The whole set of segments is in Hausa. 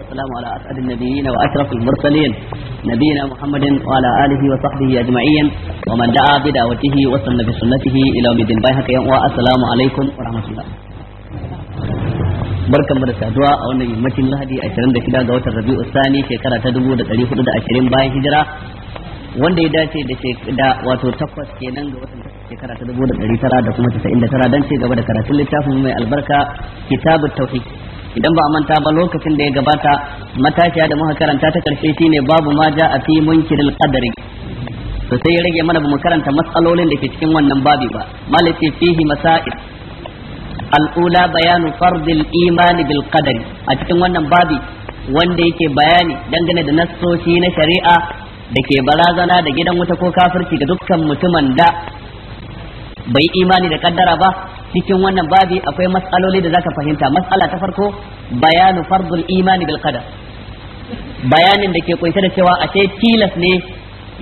والسلام على أسعد النبيين وأشرف المرسلين نبينا محمد وعلى آله وصحبه أجمعين ومن دعا بدعوته وسن بسنته إلى يوم الدين بايحك السلام عليكم ورحمة الله barkan mu da saduwa a wannan yammacin lahadi 26 ga watan rabi'u sani shekara ta 1420 bayan hijira wanda ya dace da da wato takwas kenan ga watan shekara ta 1999 dan ce gaba da karatun littafin mai albarka kitabut tauhid idan ba a manta ba lokacin da ya gabata matashiya da muka karanta ta karshe shine babu ma ja a fi munkiril qadari to sai ya rage mana bamu karanta matsalolin da ke cikin wannan babi ba malati fihi masail al'ula bayanu fardil imani bil qadari a cikin wannan babi wanda yake bayani dangane da nassoshi na shari'a da ke barazana da gidan wuta ko kafirci ga dukkan mutumin da bai imani da kaddara ba cikin wannan babi akwai matsaloli da zaka fahimta matsala ta farko bayanu fardul imani bil qadar bayanin da ke kunshe da cewa ashe tilas ne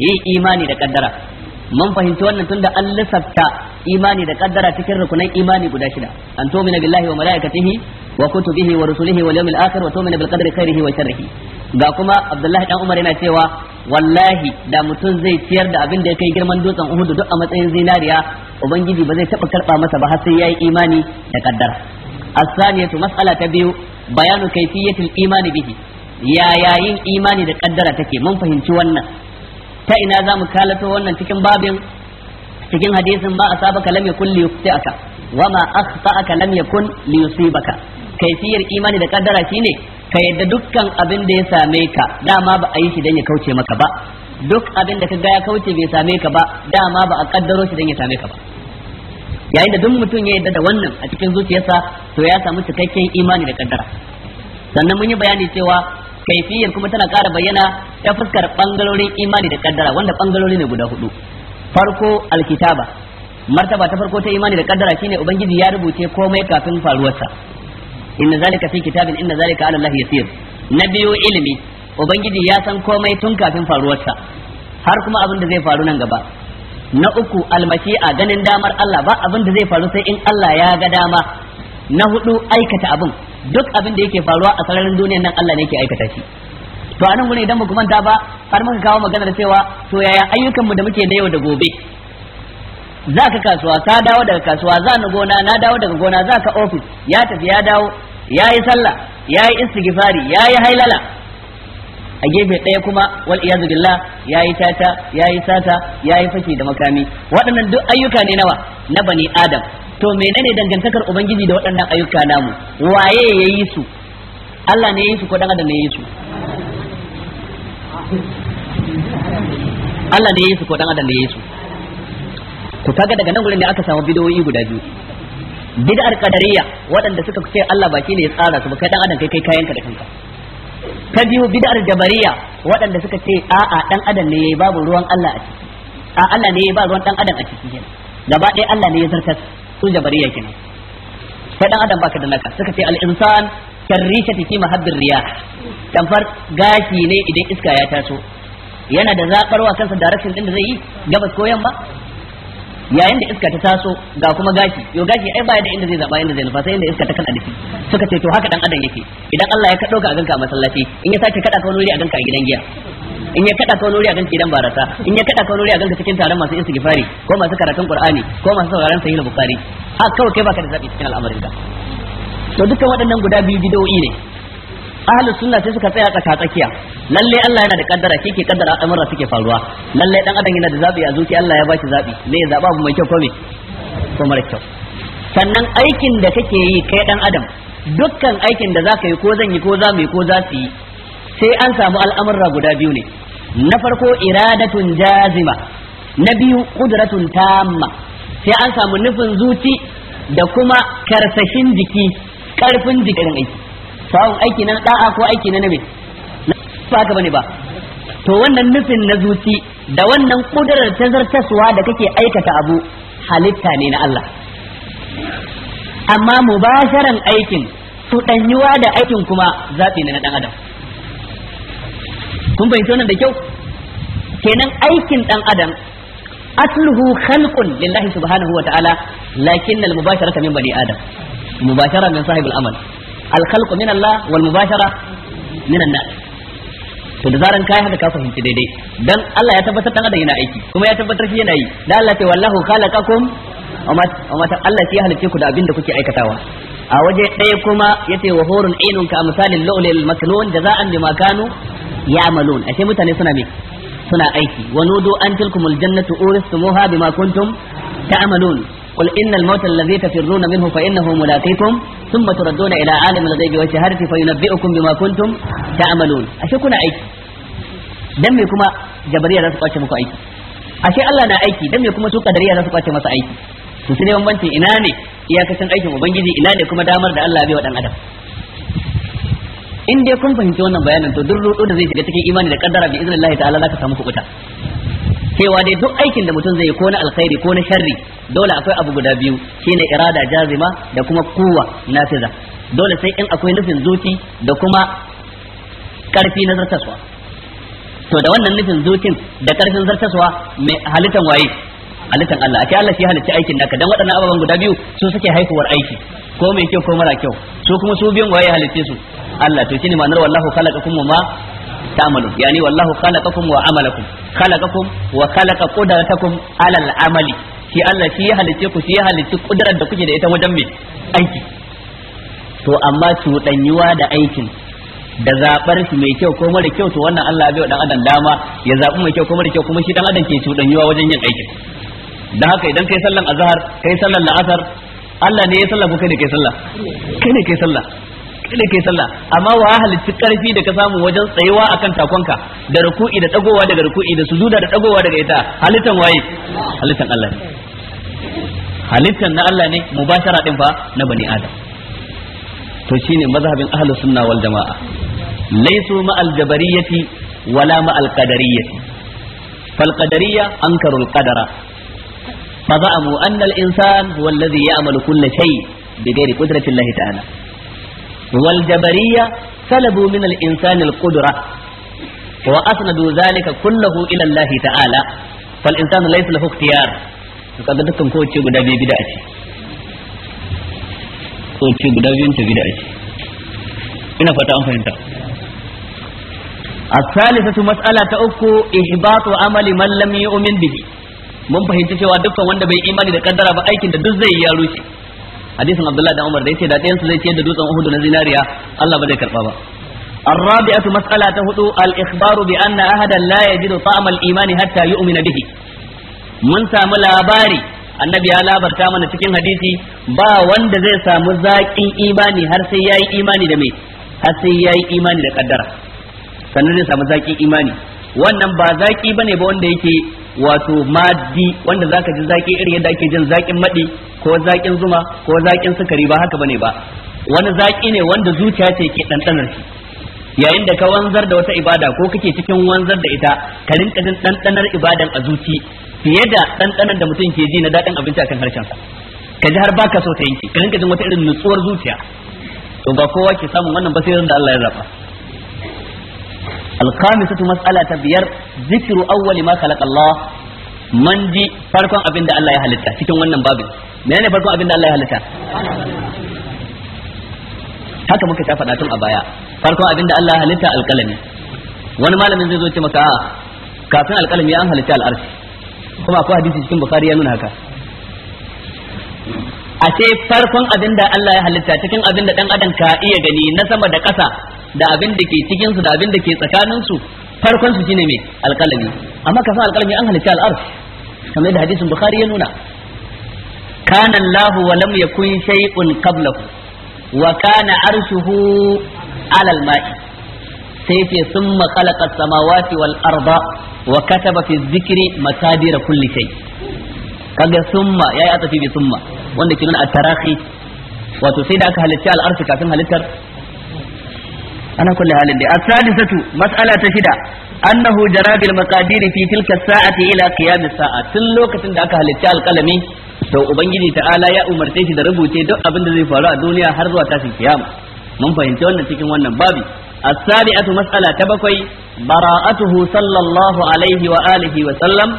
yi imani da kaddara mun fahimci wannan tunda an lissafta imani da kaddara cikin rukunan imani guda shida an tu'mina billahi wa malaikatihi wa kutubihi wa rusulihi wal yawmil akhir wa tu'mina bil qadri khairihi wa sharrihi ga kuma abdullahi dan umar yana cewa wallahi da mutum zai ciyar da abin da ya kai girman dutsen uhudu duk a matsayin zinariya ubangiji ba zai taba karba masa ba har sai yayi imani da kaddara asaniyatu mas'ala ta biyu bayanu kayfiyatil imani bihi ya yayin imani da kaddara take mun fahimci wannan ta ina zamu kalato wannan cikin babin cikin hadisin ba asabaka lam yakun li yusibaka wama akhta'aka lam yakun li kayfiyar imani da kaddara shine ka yadda dukkan abin da ya same ka dama ba a yi shi don ya kauce maka ba duk abin da ka ga ya kauce bai same ka ba dama ba a kaddaro shi don ya same ka ba yayin da duk mutum ya yadda da wannan a cikin zuciyarsa to ya samu cikakken imani da kaddara sannan mun yi bayani cewa kaifiyar kuma tana kara bayyana ta fuskar bangarorin imani da kaddara wanda bangarori ne guda hudu farko alkitaba martaba ta farko ta imani da kaddara shine ubangiji ya rubuce komai kafin faruwarsa inna zalika fi kitabin inna zalika ala Allah yasir na biyu ilimi ubangiji ya san komai tun kafin faruwarsa har kuma abin da zai faru nan gaba na uku a ganin damar Allah ba abin da zai faru sai in Allah ya ga dama na hudu aikata abin duk abin da yake faruwa a sararin duniyar nan Allah ne yake aikata shi to anan gune idan muku manta ba har muka kawo magana da cewa to yaya ayyukan mu da muke da yau da gobe za ka kasuwa ka dawo daga kasuwa za na gona na dawo daga gona za ka ofis ya tafi ya dawo yayi sallah yayi istighfari yayi hailala a gefe ɗaya kuma wal iyazu billah yayi tata yayi sata yayi fashi da makami waɗannan duk ayyuka ne nawa na bani adam to menene dangantakar ubangiji da waɗannan ayyuka namu waye ya yi su Allah ne ya yi su ko dan adam ne yi su Allah ne yi su ko dan adam ne yi su to kaga daga nan gurin ne aka samu bidoyi guda biyu bid'ar qadariyya waɗanda suka ce Allah baki ne ya tsara su ba kai dan adam kai kai kayanka da kanka ta biyu bid'ar jabariya waɗanda suka ce a'a dan adam ne yayi babu ruwan Allah a ciki a Allah ne yayi ba ruwan dan adam a ciki kenan gaba ɗaya Allah ne ya zartar su jabariya kenan kai dan adam baka da naka suka ce al-insan karrishati fi mahabbir riyah tamfar gashi ne idan iska ya taso yana da zabarwa kansa direction din da zai yi gabas ko yamma yayin da iska ta taso ga kuma gashi yo gashi ai baya da inda zai zaba inda zai nufa sai inda iska ta kada dafi suka ce to haka dan adam yake idan Allah ya kado ka a ganka masallaci in ya sake kada ka wani wuri a ganka gidan giya in ya kada ka wani wuri a ganka gidan barasa in ya kada ka wani wuri a ganka cikin taron masu istighfari ko masu karatun qur'ani ko masu sauraron sahih bukhari haka kawai kai baka da zabi cikin al'amarin ka to dukkan waɗannan guda biyu bidoyi ne ahlus sunna sai suka tsaya tsaka tsakiya lalle Allah yana da kaddara shi ke kaddara al'amura suke faruwa lalle dan adam yana da zabi a zuciya Allah ya baki zabi me ya zaba abu mai kyau ko me ko mara kyau sannan aikin da kake yi kai dan adam dukkan aikin da zaka yi ko zan yi ko za mu yi ko za su yi sai an samu al'amura guda biyu ne na farko iradatun jazima na biyu kudratun tamma sai an samu nufin zuci da kuma karsashin jiki karfin jikin aiki sawun aiki na da'a ko aiki na nabi ba aka bane ba to wannan nufin na zuci da wannan kudurar ta zartaswa da kake aikata abu halitta ne na Allah amma mubasharan aikin su danyuwa da aikin kuma zaɓi ne na ɗan adam kun bai nan da kyau kenan aikin ɗan adam asluhu khalqun lillahi subhanahu wa ta'ala lakin mubasharata min bani adam mubashara min sahibul amal alkhalqu min Allah wal mubashara min an to da zaran kai haka ka fahimci daidai dan Allah ya tabbatar dan adam yana aiki kuma ya tabbatar shi yana yi dan Allah ce wallahu khalaqakum amma Allah shi ya halice ku da abin da kuke aikatawa a waje ɗaya kuma yace wa hurun ainun ka misalin lu'lil maknun jaza'an bima kanu ya'malun ashe mutane suna me suna aiki wa nudu an tilkumul jannatu uristumuha bima kuntum ta'malun قل إن الموت الذي تفرون منه فإنه ملاقيكم ثم تردون إلى عالم الغيب والشهادة فينبئكم بما كنتم تعملون أشي كنا أيكي دم كما جبرية لا تقاتش مكو أيكي أشي الله نا أيكي دم كما سوق قدرية لا تقاتش مسا أيكي to sai ban banci ina ne iyakacin aikin ubangiji ina ne kuma damar da Allah bai wa dan adam in dai kun fahimci wannan bayanin to duk rudo da zai shiga cikin imani da kaddara bi iznillahi ta'ala zaka samu cewa dai duk aikin da mutum zai yi ko na alkhairi ko na sharri dole akwai abu guda biyu shine irada jazima da kuma kuwa nafiza dole sai in akwai nufin zuci da kuma karfi na zartaswa to da wannan nufin zucin da karfin zartaswa mai halittan waye halittan Allah ake Allah shi halitta aikin naka dan waɗannan ababen guda biyu su suke haifuwar aiki ko mai kyau ko mara kyau su kuma su biyan waye halitte su Allah to shine ma'anar wallahu khalaqakum wa ma تعملوا يعني والله خلقكم وعملكم خلقكم وخلق قدرتكم على العمل shi Allah shi ya halicce shi ya halicci kudurar da kuke da ita wajen mai aiki to amma دا da aikin da zaɓar shi mai kyau ko wannan Allah bai dan adam dama ya zaɓi mai kyau ko mara kyau kuma shi dan adam ke cuɗanyuwa wajen yin aikin dan haka idan kai sallan azhar kai sallan la'asar Allah ne ya sallah kai ne kai sallah kida kai sallah amma wa halitta karfi da ka samu wajen tsayuwa akan takonka da ruku'i da dagowa daga ruku'i da sujuda da dagowa daga ita halittan waye halittan Allah ne halittan na Allah ne mubashara din fa na bani adam to shine mazhabin ahlus sunna wal jamaa laysu ma al jabariyyati wala ma al qadariyyati fal qadariyya ankaru al qadara fa za'amu anna al insan huwa alladhi ya'malu kulla shay bi ghairi qudrati Allah ta'ala Waljabariya. jabariyya salabu min al insani al ta'ala fal insanu laysa ta bid'a ce ina الثالثة مسألة أكو إحباط عمل من لم يؤمن به mun fahimci cewa dukkan wanda bai imani da ƙadara ba aikin da duk zai ya rushe hadisin abdullahi da umar da ce da ɗayan su zai ciyar da dutsen uhud na zinariya Allah ba zai karba ba الرابعة مسألة هدو الإخبار بأن أحدا لا يجد طعم الإيمان حتى يؤمن به من سام labari annabi ya labarta mana cikin hadisi ba wanda zai samu zaƙin imani har sai yayi imani da mai har sai yayi imani da kaddara sannan zai samu zaƙin imani wannan ba zaƙi bane ba wanda yake wato maddi wanda zaka ji zaki irin yadda ake jin zakin madi ko zakin zuma ko zakin sukari ba haka bane ba wani zaki ne wanda zuciya ce ke dandanar shi yayin da ka wanzar da wata ibada ko kake cikin wanzar da ita ka rinka jin dandanar ibadan a zuci fiye da dandanar da mutum ke ji na dadin abinci akan harshen sa ka ji har baka so ta yanke ka rinka jin wata irin nutsuwar zuciya to ba kowa ke samun wannan ba sai da Allah ya zaba الخامسة مسألة بير ذكر أول ما خلق الله man ji farkon abin da Allah ya halitta cikin wannan babin menene farkon abin da Allah ya halitta haka muka ta faɗa tun a baya farkon abin da Allah ya halitta alƙalami wani malamin zai zo ce maka a kafin alƙalami an halitta al'arshi kuma akwai hadisi cikin bukhari ya nuna haka a ce farkon abin da Allah ya halitta cikin abin da dan adam ka iya gani na sama da ƙasa da abin da ke cikin su da abin da ke tsakanin su farkon su shine me alqalami amma kafin alqalami an halitta al'arsh kamar yadda hadisin bukhari ya nuna kana allah wa lam yakun shay'un qablahu wa kana arshuhu ala al-ma'i sai ce summa khalaqa as-samawati wal arda wa kataba fi dhikri maqadir kulli shay kaga summa yayi atafi bi summa wanda ke nuna at tarakhi. wato sai da aka halitta al-arshi kafin halittar ana kulli halin dai as-sadisatu mas'ala ta shida annahu jarabil maqadir fi tilka as-sa'ati ila qiyam as-sa'a tun lokacin da aka halitta alqalami to ubangiji ta'ala ya umarce shi da rubuce duk abin da zai faru a duniya har zuwa tashin kiyama mun fahimci wannan cikin wannan babi as-sabi'atu mas'ala ta bakwai bara'atuhu sallallahu alaihi wa alihi wa sallam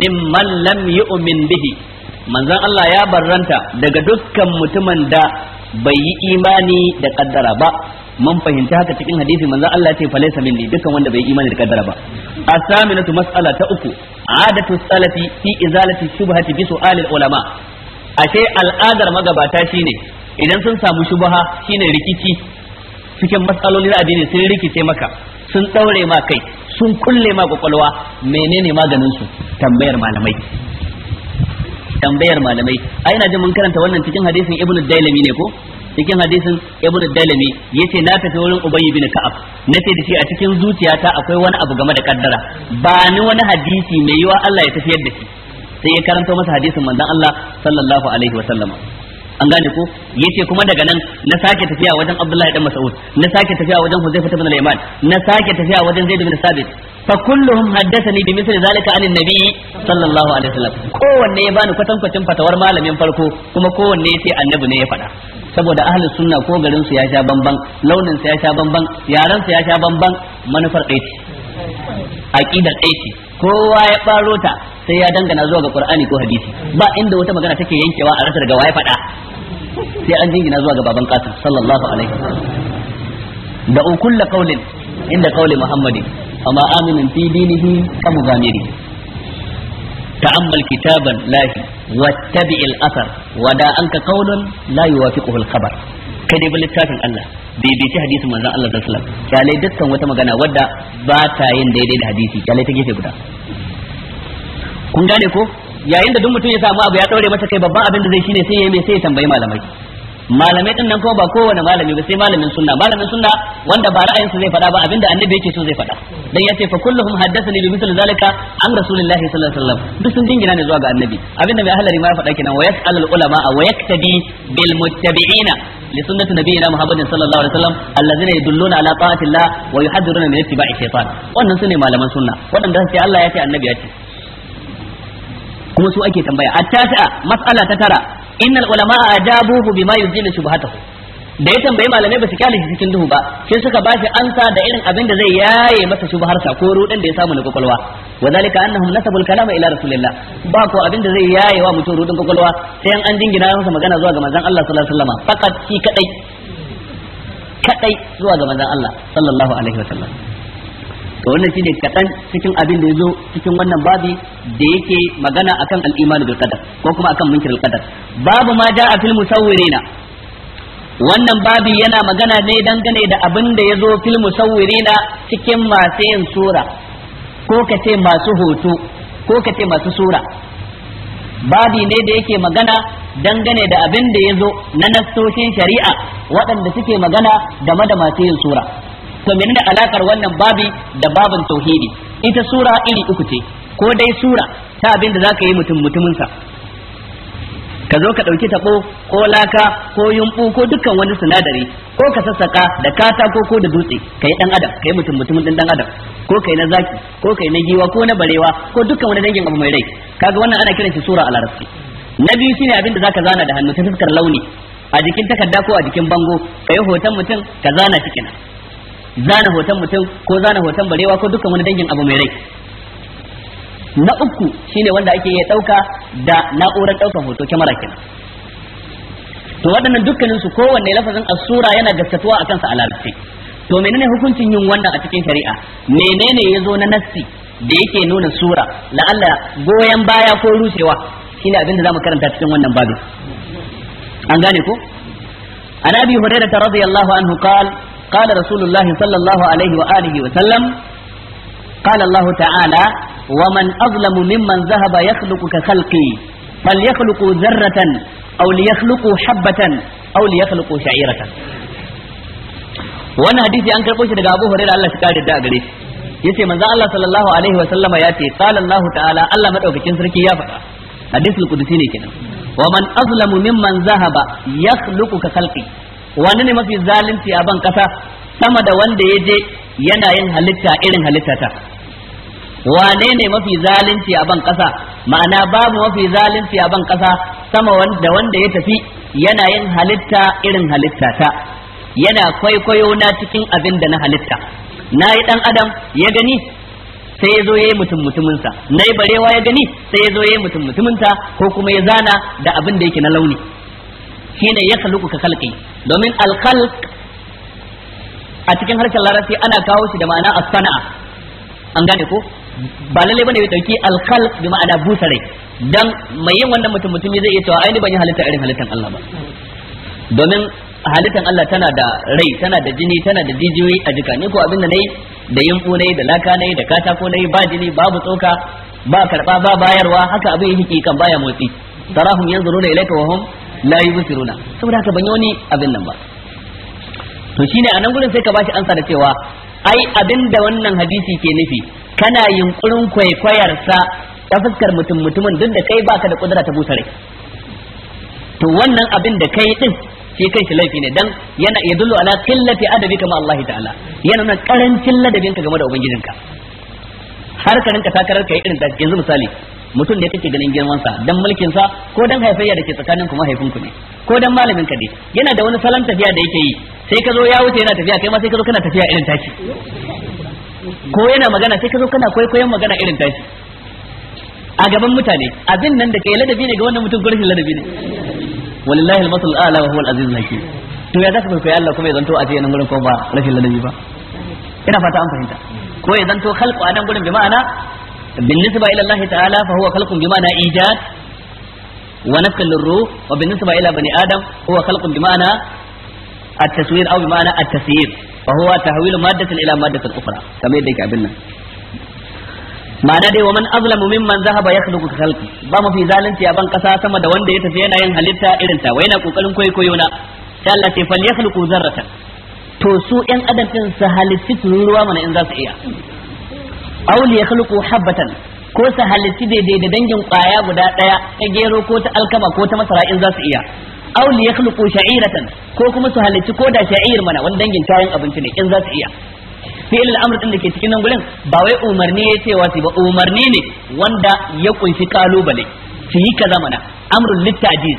mimman lam yu'min bihi manzon Allah ya barranta daga dukkan mutumin da bai yi imani da kaddara ba man fahimta haka cikin hadisi manzo Allah ya ce laysa minni dukkan wanda bai imani da kaddara ba asaminatu mas'ala ta uku adatu salafi fi izalati shubhati bi su'al ulama ashe al'adar magabata shine idan sun samu shubha shine rikici cikin matsaloli na addini sun rikice maka sun daure ma kai sun kulle ma kwakwalwa menene maganin su tambayar malamai tambayar malamai ai ina jin mun karanta wannan cikin hadisin ibnu dailami ne ko cikin hadisin ibnu dalimi yace na tafi wurin ubayy bin ka'ab nace da shi a cikin zuciyata akwai wani abu game da kaddara ba ni wani hadisi mai yiwa Allah ya tafiyar da shi sai ya karanto masa hadisin manzon Allah sallallahu alaihi wa sallama an gane ko yace kuma daga nan na sake tafiya wajen Abdullahi dan Mas'ud na sake tafiya wajen Huzaifah ibn al-Yaman na sake tafiya wajen Zaid ibn Sabit fa kulluhum haddathani bi misli zalika anin nabi sallallahu alaihi wasallam kowanne ya bani kwatankwacin fatawar malamin farko kuma kowanne yace annabi ne ya faɗa saboda ahlus sunna ko garin su ya sha bamban launin su ya sha bamban yaran su ya sha bamban manufar ɗaya ce aqidar ɗaya kowa ya faro ta sai ya dangana zuwa ga qur'ani ko hadisi ba inda wata magana take yankewa a rasar daga waye faɗa sai an jingina zuwa ga baban qasim sallallahu alaihi da ukulla um qaulin inda qauli muhammadi amma aminin fi dinihi kamu kitaban lahi wattabi al-athar wada anka أنك la yuwafiquhu al-khabar kai dai bi littafin Allah bibiti hadisin manzon Allah sallallahu alaihi wasallam kyalai dukkan wata magana wadda ba ta yin daidai da hadisi kyalai ta gefe guda kun gane ko yayin da duk mutum ya samu abu ya daure masa kai babban abin da zai shine sai ya mai sai ya tambayi malamai malamai din nan kuma ba kowane malami ba sai malamin sunna malamin sunna wanda ba ra'ayin su zai faɗa ba abinda annabi yake so zai faɗa dan yace fa kulluhum haddathani bi misl zalika an rasulillahi sallallahu alaihi wasallam duk sun dingina ne zuwa ga annabi abinda mai ahlari ma ya faɗa kenan wa yas'al al ulama wa yaktabi bil muttabi'ina li sunnati nabiyina muhammadin sallallahu alaihi wasallam allazina yadulluna ala ta'ati llah wa yuhadiruna min ittiba'i shaytan wannan sune malaman sunna wadanda sai Allah ya ce annabi ya ce kuma su ake tambaya at-tasi'a mas'ala ta tara innal ulama ajabuhu bima yuzilu shubhatahu da ya tambayi malamai ba su kyale shi cikin duhu ba sai suka ba shi ansa da irin abin da zai yaye masa shubharsa ko rudin da ya samu na kwakwalwa wa zalika annahum nasabul kalama ila rasulillah ba ko abin da zai yaye wa mutum ruɗin kwakwalwa sai an jingina masa magana zuwa ga manzon Allah sallallahu alaihi wasallam fakat shi kadai kadai zuwa ga manzon Allah sallallahu alaihi wasallam to wannan shine kadan cikin abin da yazo cikin wannan babi da yake magana akan al-iman bil qadar ko kuma akan al qadar babu ma ja'a fil musawwirina wannan babi yana magana ne dangane da abin da yazo fil musawwirina cikin masu yin sura ko kace masu hoto ko kace masu sura babi ne da yake magana dangane da abin da yazo na nassoshin shari'a waɗanda suke magana game da masu yin sura to menene alakar wannan babi da babin tauhidi ita sura iri uku ce ko dai sura ta abin da zaka yi mutum mutuminsa ka zo ka ɗauki taɓo ko laka ko yumbu ko dukkan wani sinadari ko ka sassaka da katako ko da dutse kai yi ɗan adam ka yi mutum mutumin ɗin ɗan adam ko kai na zaki ko kai na giwa ko na barewa ko dukkan wani dangin abu mai rai kaga wannan ana kiran shi sura al arabi na biyu shine abin da zaka zana da hannu ta fuskar launi a jikin takarda ko a jikin bango ka yi hoton mutum ka zana shi kenan zana hoton mutum ko zana hoton barewa ko dukkan wani dangin abu mai rai na uku shine wanda ake iya dauka da na'urar ɗaukar hoto kyamara kenan to waɗannan dukkanin su kowanne lafazin asura yana gaskatuwa akan sa a to menene hukuncin yin wannan a cikin shari'a menene ya zo na nassi da yake nuna sura la'alla goyen baya ko rushewa shine abin da zamu karanta cikin wannan babin an gane ko anabi hurairah radiyallahu anhu qala قال رسول الله صلى الله عليه وآله وسلم قال الله تعالى ومن أظلم ممن ذهب يخلق كخلقي فليخلقوا ذرة أو ليخلقوا حبة أو ليخلقوا شعيرة وانا حديثي أنكر قوشي دقاء أبو هريرة الله شكاية دا قريب yace manzo Allah sallallahu alaihi wa sallama yace qala Allah ta'ala Allah madaukakin sarki ya faɗa hadisul qudsi ne kenan wa man azlamu mimman zahaba yakhluqu ka khalqi wani ne mafi zalunci a ban kasa sama da wanda ya je yana yin halitta irin halittata? Wanene wane ne mafi zalunci a ban kasa ma'ana babu mafi zalunci a ban kasa sama da wanda ya tafi yana yin halitta irin halittata? yana kwaikwayo na cikin abin da na halitta na yi dan adam ya gani sai ya zo ya yi mutum mutuminsa na yi barewa ya gani sai ya zo ya yi mutum mutuminsa ko kuma ya zana da abin da yake na launi shine ya kalluku ka kalki domin alkalk a cikin harshen larabci ana kawo shi da ma'ana as an gane ko ba lalle bane ya dauki alkalk bi ma'ana busare dan mai yin wannan mutum mutumi zai iya cewa ai ni ban yi halitta irin halittan Allah ba domin halittan Allah tana da rai tana da jini tana da jijiyoyi a jika ko abin da nayi da yimbu nayi da laka nayi da katako nayi ba jini babu tsoka ba karba ba bayarwa haka abin yake kan baya motsi tarahum yanzuruna ilayka wa hum la yubsiruna saboda haka ban yi wani abin nan ba to shine a nan gurin sai ka bashi ansa da cewa ai abin da wannan hadisi ke nufi kana yunkurin kwaikwayarsa ta fuskar mutum mutumin duk da kai baka da kudura ta busa rai to wannan abin da kai din shi kai shi laifi ne dan yana yadullu ala qillati adabi kama Allah ta'ala yana nan karancin ladabinka game da ubangijinka har ka rinka takarar kai irin da yanzu misali mutum ne kake ganin girman sa dan mulkin sa ko dan haifayya da ke tsakanin ku mahaifin ku ne ko dan malamin ka ne yana da wani salon tafiya da yake yi sai ka zo ya wuce yana tafiya kai ma sai ka zo kana tafiya irin taki ko yana magana sai ka zo kana kwaikwayon magana irin taki a gaban mutane abin nan da kai ladabi ne ga wannan mutum gurin ladabi ne wallahi al-masal ala wa huwa al-aziz hakim to ya zaka kai Allah kuma ya zanto a nan gurbin ko ba rashin ladabi ba ina fata an fahimta ko ya zanto khalqu a nan gurin bi ma'ana بالنسبة إلى الله تعالى فهو خلق بمعنى إيجاد ونفخ للروح وبالنسبة إلى بني آدم هو خلق بمعنى التسوير أو بمعنى التسيير فهو تحويل مادة إلى مادة أخرى كما يديك عبدنا ma'ana dai wa man azlamu mimman zahaba yakhluqu khalqi ba mu fi zalunci a ban kasa sama da wanda ya tafi yana yin halitta irin ta wai yana kokarin koyo na sai Allah ce fal yakhluqu zarratan to su yan adam din su halitta mana in za su iya aw ya yakhluqu habbatan ko su halitti daidai da dangin kwaya guda daya ta gero ko ta alkama ko ta masara in za su iya aw ya yakhluqu sha'iratan ko kuma su halitti ko da sha'ir mana wani dangin kayan abinci ne in za su iya Filin al'amr din da ke cikin nan gurin ba wai umarni ya ce wasi ba umarni ne wanda ya kunshi kalubale ki yi kaza mana amrun littajiz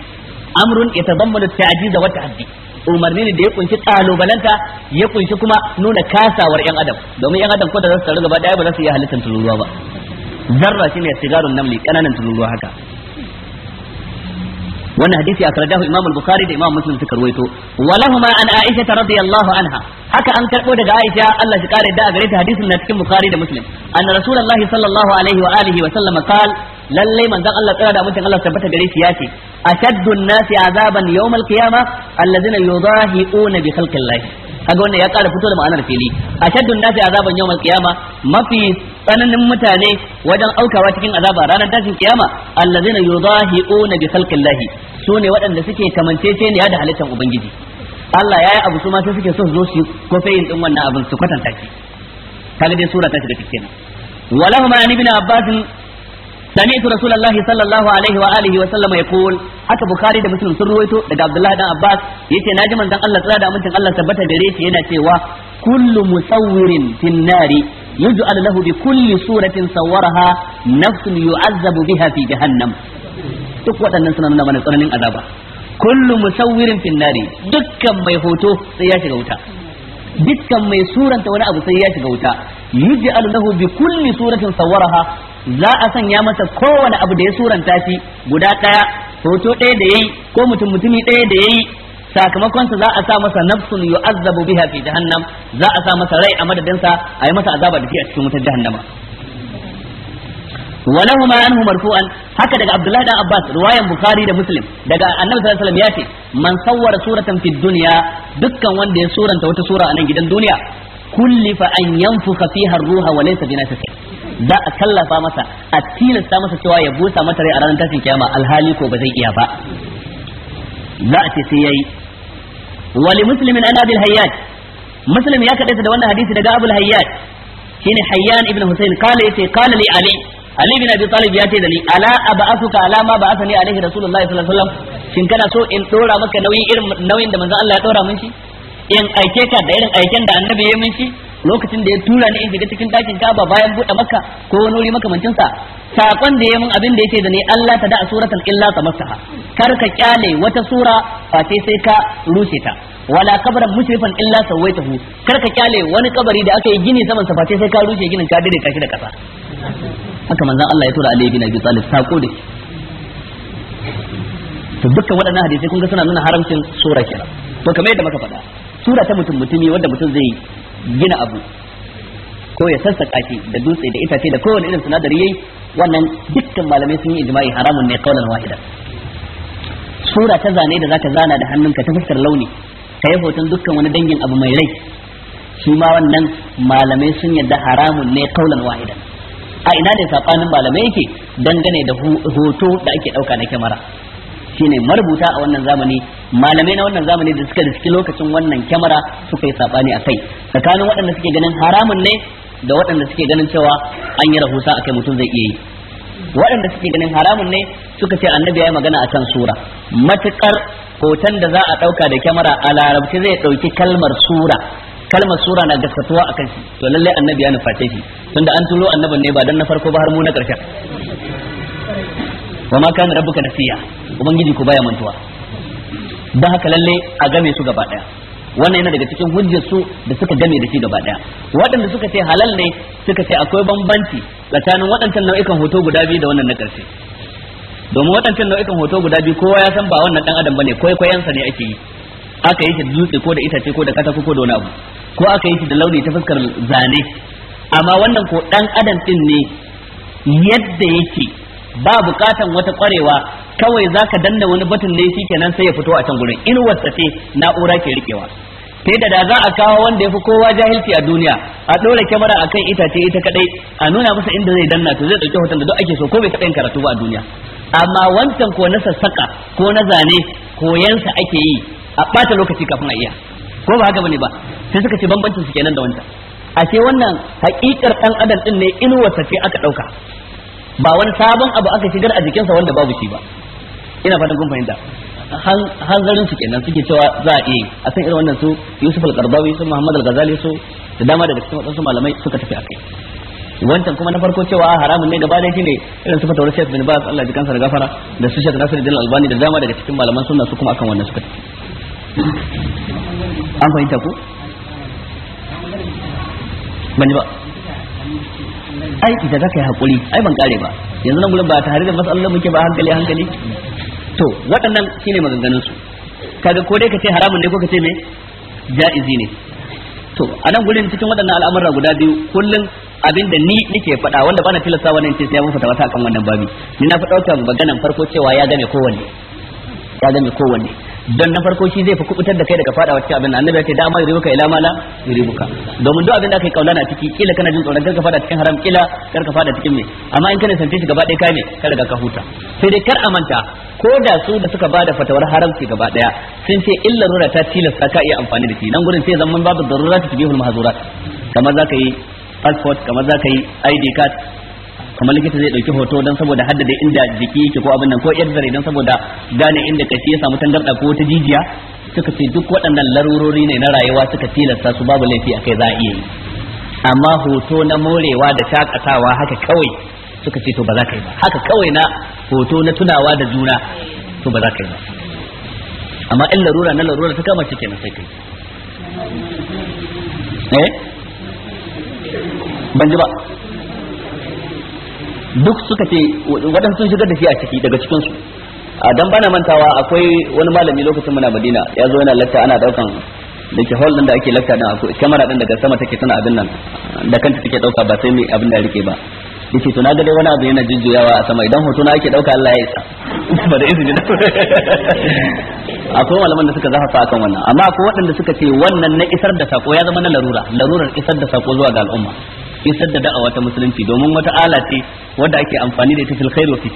amrun ya at-ta'jiz wa at-tahdi umarni ne da ya kunshi kalubalanta ya kunshi kuma nuna kasawar yan adam domin yan adam ko da za su taru gaba daya ba za su iya halittar tururuwa ba zarra shine sigarun namli kananan tururuwa haka wannan hadisi a imam al-bukhari da imam muslim suka walahu ma an aisha radiyallahu anha haka an karbo daga aisha Allah shi kare da a gare ta hadisin na cikin bukhari da muslim anna rasulullahi sallallahu alaihi wa alihi wa sallam qala lallai manzon Allah tsira da mutum Allah tabbata gare shi ya ce ashaddu an-nasi azaban yawmal qiyamah alladhina yudahi'una bi khalqillah kaga wannan ya ƙara fito da ma'anar fili ashaddu an-nasi azaban yawmal qiyamah mafi tsananin mutane wajen aukawa cikin azaba ranar tashin kiyama alladhina yudahi'una bi khalqillah sune waɗanda suke kamanceceniya da halittar ubangiji Allah ya yi abu su ma sai suke so su zo su kofayin din wannan abin su kwatanta shi kaga dai sura ta shiga cikin ولهما عن ابن Abbas. sami'tu rasulullahi sallallahu alaihi wa alihi wa sallam yaqul haka bukhari da muslim sun ruwaito daga abdullahi dan abbas yace naji manzon Allah tsira da amincin Allah tabbata gare shi yana cewa kullu musawwirin fin nari yuj'al lahu bi kulli suratin sawwaraha nafsun yu'azzabu biha fi duk waɗannan suna nuna mana tsananin azaba Kullum musawwirin finnari dukkan mai hoto sai ya shiga wuta dukkan mai suranta wani abu sai ya shiga wuta yuj'al lahu bi kulli suratin sawwaraha za a sanya masa kowane abu da ya suranta shi guda ɗaya hoto ɗaya da ya yi ko mutum mutumi ɗaya da ya yi sakamakon sa za a sa masa nafsun yu'azzabu biha fi jahannam za a sa masa rai a madadin sa a yi masa azaba da ke a cikin wutar jahannama walahu ma anhu marfu'an haka daga abdullahi dan abbas riwayan bukhari da muslim daga annabi sallallahu alaihi wasallam ya ce man sawwara suratan fid dunya dukkan wanda ya suranta wata sura a nan gidan duniya kullifa an yanfu fiha ruha wa laysa bina za a kallafa masa a tilasta masa cewa ya busa mata rai a ranar tashin kiyama alhali ko ba zai iya ba za a ce sai yayi wali muslimin an abil hayyat muslim ya kadaita da wannan hadisi daga abul hayyat shine hayyan ibn husayn kala yace kala li ali ali bin abi talib ya ce da ni ala aba'atuka ala ma ba'athani alaihi rasulullahi sallallahu alaihi wasallam shin kana so in dora maka nauyin irin nauyin da manzo Allah ya dora min shi in aike ka da irin aiken da annabi ya min shi lokacin da ya tura ni in shiga cikin dakin kaba bayan buɗe makka ko wani wuri makamancin sa sakon da ya mun abin da yake da ni Allah ta da suratul illa tamassaha kar ka kyale wata sura face sai ka rushe ta wala kabran mushrifan illa sawaitahu kar ka kyale wani kabari da aka yi gini saman sa face sai ka rushe ginin ka ka kashi da kasa haka manzon Allah ya tura Ali bin Abi Talib sako da to dukkan waɗannan hadisai kun ga suna nuna haramcin sura kenan to kamar yadda muka faɗa sura ta mutum mutumi wanda mutum zai gina abu ko ya sassaka shi da dutse da itace da kowane irin sinadari yayi wannan dukkan malamai sun yi ijma'i haramun ne kaulan wahida sura ta zane da zaka zana da hannunka ta fuskar launi ka yi hoton dukkan wani dangin abu mai rai shi ma wannan malamai sun yadda haramun ne kaulan wahida a ina ne sabanin malamai yake dangane da hoto da ake ɗauka na kyamara shine marubuta a wannan zamani malamai na wannan zamani da suka riski lokacin wannan kyamara suka yi sabani a kai tsakanin waɗanda suke ganin haramun ne da waɗanda suke ganin cewa an yi rahusa a kai mutum zai iya yi waɗanda suke ganin haramun ne suka ce annabi ya yi magana akan sura matukar hoton da za a ɗauka da kyamara a larabci zai ɗauki kalmar sura kalmar sura na gaskatuwa a kan shi to lallai annabi ya nuface shi tunda an turo annabin ne ba dan na farko ba har mu na ƙarshen wa ma kana rabbuka nasiya ubangiji ku baya mantuwa da haka lalle a game su gaba daya wannan yana daga cikin hujjar su da suka game da shi gaba daya waɗanda suka ce halal ne suka ce akwai bambanci tsakanin waɗancan nau'ikan hoto guda biyu da wannan na ƙarshe domin waɗancan nau'ikan hoto guda biyu kowa ya san ba wannan dan adam bane sa ne ake yi aka yi shi da dutse ko da itace ko da katako ko da wani abu ko aka yi shi da launi ta fuskar zane amma wannan ko dan adam ɗin ne yadda yake ba bukatan wata kwarewa kawai zaka danna wani batun ne shikenan sai ya fito a can gurin in sa na'ura ke rikewa ta da da za a kawo wanda ya fi kowa jahilci a duniya a ɗora kyamara akan itace ita kadai a nuna masa inda zai danna to zai ɗauki hoton da duk ake so ko bai taɓa yin karatu ba a duniya amma wancan ko na sassaka ko na zane koyansa ake yi a ɓata lokaci kafin a iya ko ba haka bane ba sai suka ce bambancin su kenan da wancan ashe wannan hakikar ɗan adam ɗin ne inuwarsa ce aka ɗauka ba wani sabon abu aka shigar a jikinsa wanda babu shi ba ina fatan kun fahimta hanzarin su kenan suke cewa za a iya a san irin wannan su Yusuf al-Qardawi su Muhammad al-Ghazali su da dama daga cikin wadansu malamai suka tafi akai wancan kuma na farko cewa haramun ne gaba shi shine irin su fatawar Sheikh bin Baz Allah ya kansa da gafara da su Sheikh Nasiruddin Albani da dama daga cikin malaman sunna su kuma akan wannan suka tafi an fahimta ku ban ba ai ita za kai hakuri ai ban kare ba yanzu nan gurin ba tare da masallan muke ba hankali hankali to waɗannan shine maganganun su kaga ko dai ka ce haramun ne ko ka ce me ja'izi ne to a nan gurin cikin waɗannan al'amura guda biyu kullum abin da ni nake faɗa wanda bana tilasta wannan ce sai mun fita wata kan wannan babi ni na fi ɗaukar maganan farko cewa ya game kowanne ya game kowanne Don na farko shi zai fi kubutar da kai daga fadawa cikin abin annabi ya ce dama buka ila mala buka domin duk abin da kai kaulana ciki kila kana jin tsoron karka fada cikin haram kila karka fada cikin me amma in kana sance shi gaba ɗaya kai ne ka riga ka huta sai dai kar a manta ko da su da suka bada fatawar ce gaba ɗaya sun ce illa rura ta tilasta ka iya amfani da shi nan gurin sai zaman babu darura ta tibihul mahzurat kamar zaka yi passport kamar zaka yi ID card kamar likita zai dauki hoto dan saboda haddade inda jiki yake ko abin nan ko yadda zare dan saboda gane inda kashi ya samu tangarda ko ta jijiya suka ce duk waɗannan larurori ne na rayuwa suka tilasta su babu laifi akai za a iya yi amma hoto na morewa da shakatawa haka kawai suka ce to ba za ka yi ba haka kawai na hoto na tunawa da juna to ba za ka yi ba amma in larura na larura ta kama cike na sai kai eh ban ji ba duk suka ce waɗansu sun shigar da shi a ciki daga cikin su a dan bana mantawa akwai wani malami lokacin muna Madina ya zo yana latta ana daukan da ke hall din da ake latta din akwai kamera din daga sama take tana abin nan da kanta take dauka ba sai mai abin da rike ba yace to na ga dai wani abu yana jujjuyawa a sama idan hoto na ake dauka Allah ya isa ba da izini akwai malaman da suka zafafa akan wannan amma akwai waɗanda suka ce wannan na isar da sako ya zama na larura larurar isar da sako zuwa ga al'umma isar da da'awa ta musulunci domin wata ala ce wadda ake amfani da ita fil khair wa fil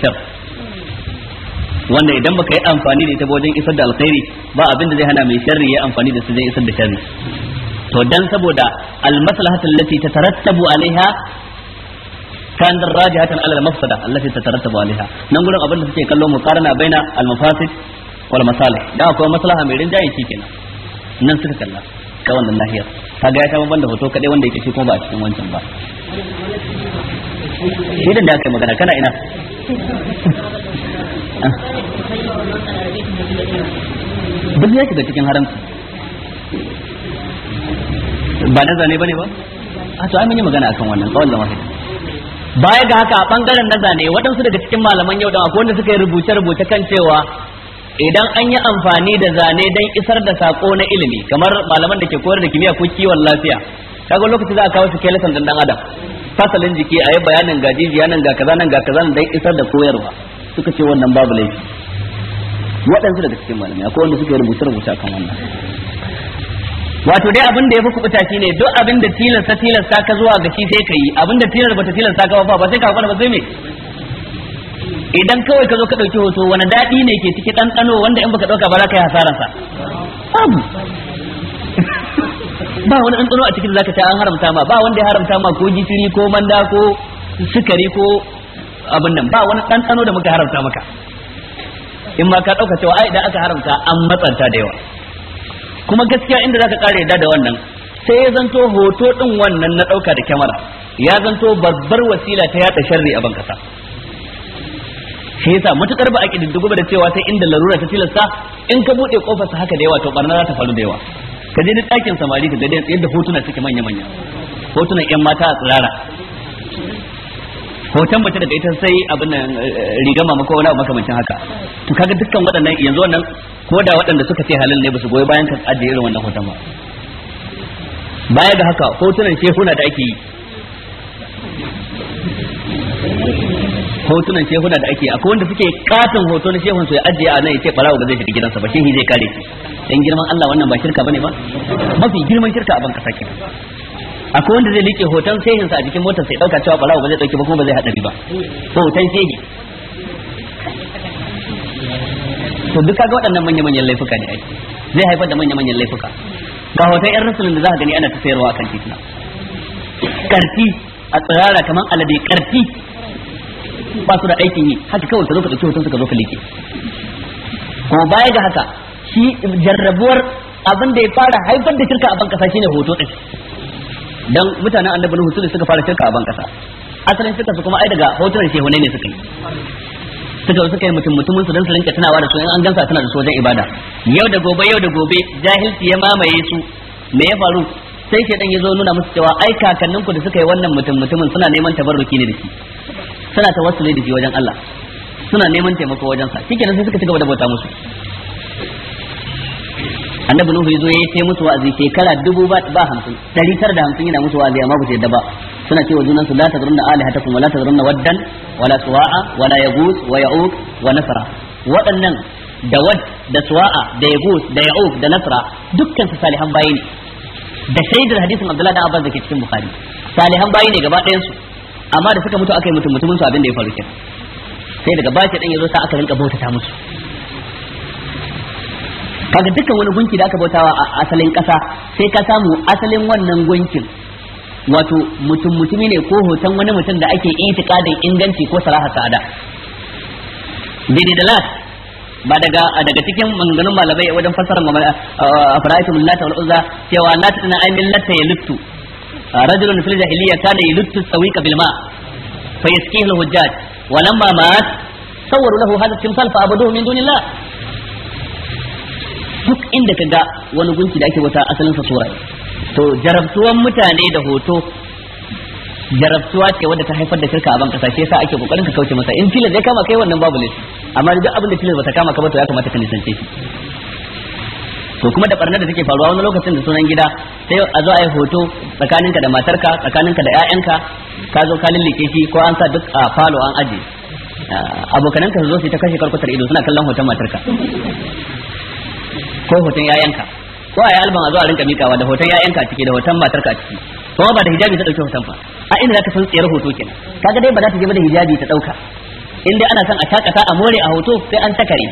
wanda idan baka yi amfani da ita ba wajen isar da alkhairi ba abin da zai hana mai sharri ya amfani da su zai isar da sharri to dan saboda al maslahatu allati tatarattabu alaiha kan darajatan ala al mafsada allati tatarattabu alaiha nan gurin abin da suke kallo muqarana baina al mafasid wal masalih da akwai maslaha mai rinjaye kenan nan suka kalla ta wannan nahiyar kaga ya sha banda hoto kadai wanda yake shi kuma ba a cikin wancan ba shi da aka yi magana kana ina duk ya shiga cikin haramci ba na zane ne ba a to amini yi magana akan wannan kawai lamar baya ga haka a bangaren na zane waɗansu daga cikin malaman yau da akwai wanda suka yi rubuce-rubuce kan cewa idan an yi amfani da zane don isar da sako na ilimi kamar malaman da ke koyar da kimiyya ko kiwon lafiya kaga lokaci za a kawo skeleton dan adam fasalin jiki a yi bayanin ga jijiya nan ga kaza nan ga kaza nan don isar da koyarwa suka ce wannan babu laifi waɗansu daga cikin malamai akwai wanda suka rubuce rubuta kan wannan wato dai abin da ya fi kubuta shi ne duk abin da tilasta tilasta ka zuwa ga shi sai ka yi abin da tilar bata tilasta ka ba ba sai ka ba sai me idan kawai ka zo ka ɗauki hoto wani daɗi ne ke ciki ɗanɗano wanda in baka ɗauka ba za ka yi hasararsa babu ba wani ɗanɗano a cikin zaka ta an haramta ma ba wanda ya haramta ma ko gishiri ko manda ko sukari ko abin nan ba wani ɗanɗano da muka haramta maka in ma ka ɗauka cewa ai idan aka haramta an matsanta da yawa kuma gaskiya inda ka ƙara yadda da wannan sai ya zanto hoto ɗin wannan na ɗauka da kyamara ya zanto babbar wasila ta yaɗa sharri a bankasa shi yasa matukar ba a kididdigo ba da cewa sai inda larura ta tilasta in ka bude kofar sa haka da yawa to barna za ta faru da yawa ka je ɗakin samari ka gade yadda hotuna suke manya manya hotunan yan mata a tsirara hoton mace daga ita sai abin nan eh, eh, riga mama ko wani makamancin haka to kaga dukkan waɗannan yanzu wannan ko da waɗanda suka ce halal ne ba su goyi bayan ka ajiye irin wannan hoton ba baya ga haka hotunan shehuna da ake yi hotunan shehuna da ake akwai wanda suke katon hoto na shehun su ya ajiye a nan ya ce barawo ba zai shiga gidansa ba shehi zai kare shi dan girman Allah wannan ba shirka bane ba mafi girman shirka a ban kasa akwai wanda zai liƙe hoton sa a cikin motar sai dauka cewa barawo ba zai dauki ba kuma ba zai hadari ba hoton shehi to duka ga waɗannan manya-manyan laifuka ne ai zai haifar da manya-manyan laifuka ga hoton ɗan rasulun da za ka gani ana ta sayarwa akan titina karfi a tsirara kamar alade karfi ba su da aikin yi haka kawai ka zo ka dauki hoton su ka zo ka liƙe kuma baya ga haka shi jarrabuwar abin da ya fara haifar da shirka a ban kasa shine hoto din dan mutanen annabi Nuhu su suka fara shirka a ban kasa asalin shirka su kuma ai daga hotunan shehune ne suka yi suka suka yi mutum mutumin su dan su rinka tunawa da su in an gansa tana da su wajen ibada yau da gobe yau da gobe jahilci ya mamaye su me ya faru sai shedan ya zo nuna musu cewa ai kakannin ku da suka yi wannan mutum mutumin suna neman tabarruki ne da shi suna ta da shi wajen Allah suna neman taimako wajen sa shikenan sai suka ci gaba da bauta musu annabi nuhu yazo yayi sai musu wa'azi shekara dubu ba ba hamsin dari tara da hamsin yana musu wa'azi amma ba su yadda ba suna cewa junan su la tazrunna alihatakum wa la tazrunna waddan wa la suwa'a wa la yaghus wa ya'uq wa nasra waɗannan da wad da suwa'a da yaghus da ya'uq da nasra dukkan su salihan bayi ne da shaidar hadisin abdullahi da abbas da ke cikin bukhari salihan bayi ne gaba ɗayan su amma da suka mutu aka yi mutum mutumin su abin da ya faru kenan sai daga bashi dan yazo sai aka rinka bautata musu kaga dukkan wani gunki da aka bautawa a asalin kasa sai ka samu asalin wannan gunkin wato mutum mutumi ne ko hoton wani mutum da ake itikadin inganci ko salaha sa'ada daidai da lat ba daga daga cikin maganganun malamai wajen fassara uh, fara'atul lat wal uzza cewa lat na ai millata ya luttu رجل في الجاهلية كان يلت السويق بالماء فيسقيه الحجاج ولما مات صوروا له هذا التمثال فعبدوه من دون الله duk inda ka ga wani gunki da ake wata asalinsa sura to jarabtuwan mutane da hoto jarabtuwa ce wadda ta haifar da shirka a ban kasa shi yasa ake kokarin ka kauce masa in tilas ya kama kai wannan babu ne amma duk abin da ba ta kama ka ba to ya kamata ka nisance shi to kuma da barnar da take faruwa wani lokacin da sunan gida sai a zo a yi hoto tsakaninka da matarka tsakaninka da 'ya'yanka ka zo ka lillike shi ko an sa duk a falo an aje ah, abokanan ka zo su ta kashe karkutar ido suna kallon hoton matarka ko hoton 'ya'yanka ko a yi alban a zo a rinka mikawa da hoton 'ya'yanka ciki da hoton matarka ciki kuma ba da hijabi ta dauke hoton fa a inda zaka san tsayar hoto kenan kaga dai ba za ta je ba da hijabi ta dauka in dai ana son a shakata a more a hoto sai an takare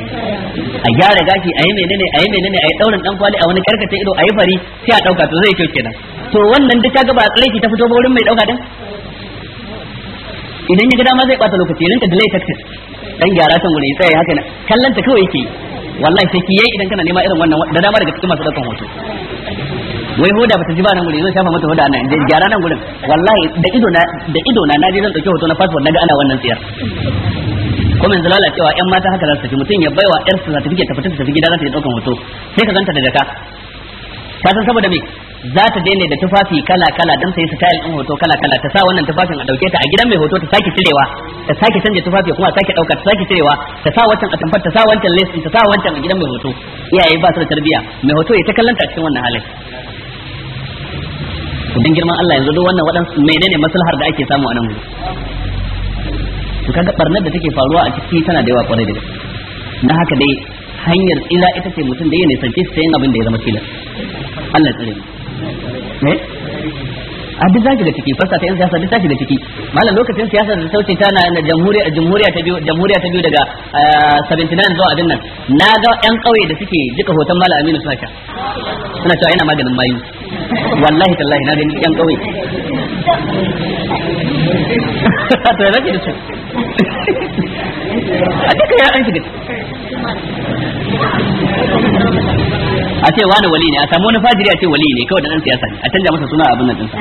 a gyara gashi a yi menene a yi menene a yi daurin dan kwali a wani karkace ido a yi fari sai a dauka to zai kyau kenan to wannan duk kaga ba tsareki ta fito ba wurin mai dauka din idan ya ga dama zai bata lokaci rinka delay tactics dan gyara san gurin sai haka ne kallon ta kawai yake wallahi sai ki yayi idan kana nema irin wannan da dama daga cikin masu daukan hoto wai hoda ta ji ba nan gure zo shafa mata hoda nan da gyara nan gurin wallahi da ido na da ido na naje zan dauki hoto na passport naga ana wannan tsiyar kuma yanzu lalacewa yan mata haka za su tafi mutum ya baiwa yar su certificate ta fita ta tafi gida za ta yi daukan hoto sai ka ganta da jaka ta san saboda me za ta daina da tufafi kala kala dan sai style din hoto kala kala ta sa wannan tufafin a dauke ta a gidan mai hoto ta sake cirewa ta sake canja tufafi kuma sake dauka ta sake cirewa ta sa wancan tamfar ta sa wancan lace ta sa wancan a gidan mai hoto iyaye ba su da tarbiya mai hoto ya ta kallanta a cikin wannan halin to girman Allah yanzu duk wannan waɗansu menene maslahar da ake samu a nan gudu to kaga barnar da take faruwa a ciki tana da yawa kwarai da na haka dai hanyar tsira ita ce mutum da ya nisanci su yin abin da ya zama tilas Allah tsare mu eh? a duk za da ciki fasa ta yan siyasa duk zaki da ciki malam lokacin siyasa da sauce ta na jamhuriyar jamhuriya ta biyu jamhuriya ta biyu daga 79 ah, zuwa abin nan na ga yan kauye da suke jika hoton malam Aminu Saka suna cewa yana maganin mayu wallahi tallahi na gani yan kauye to ya zaki da su a duka ya an shiga a ce wani wali ne a samu wani fajiri a ce wali ne kawai da dan siyasa ne a canja masa suna abin nan sa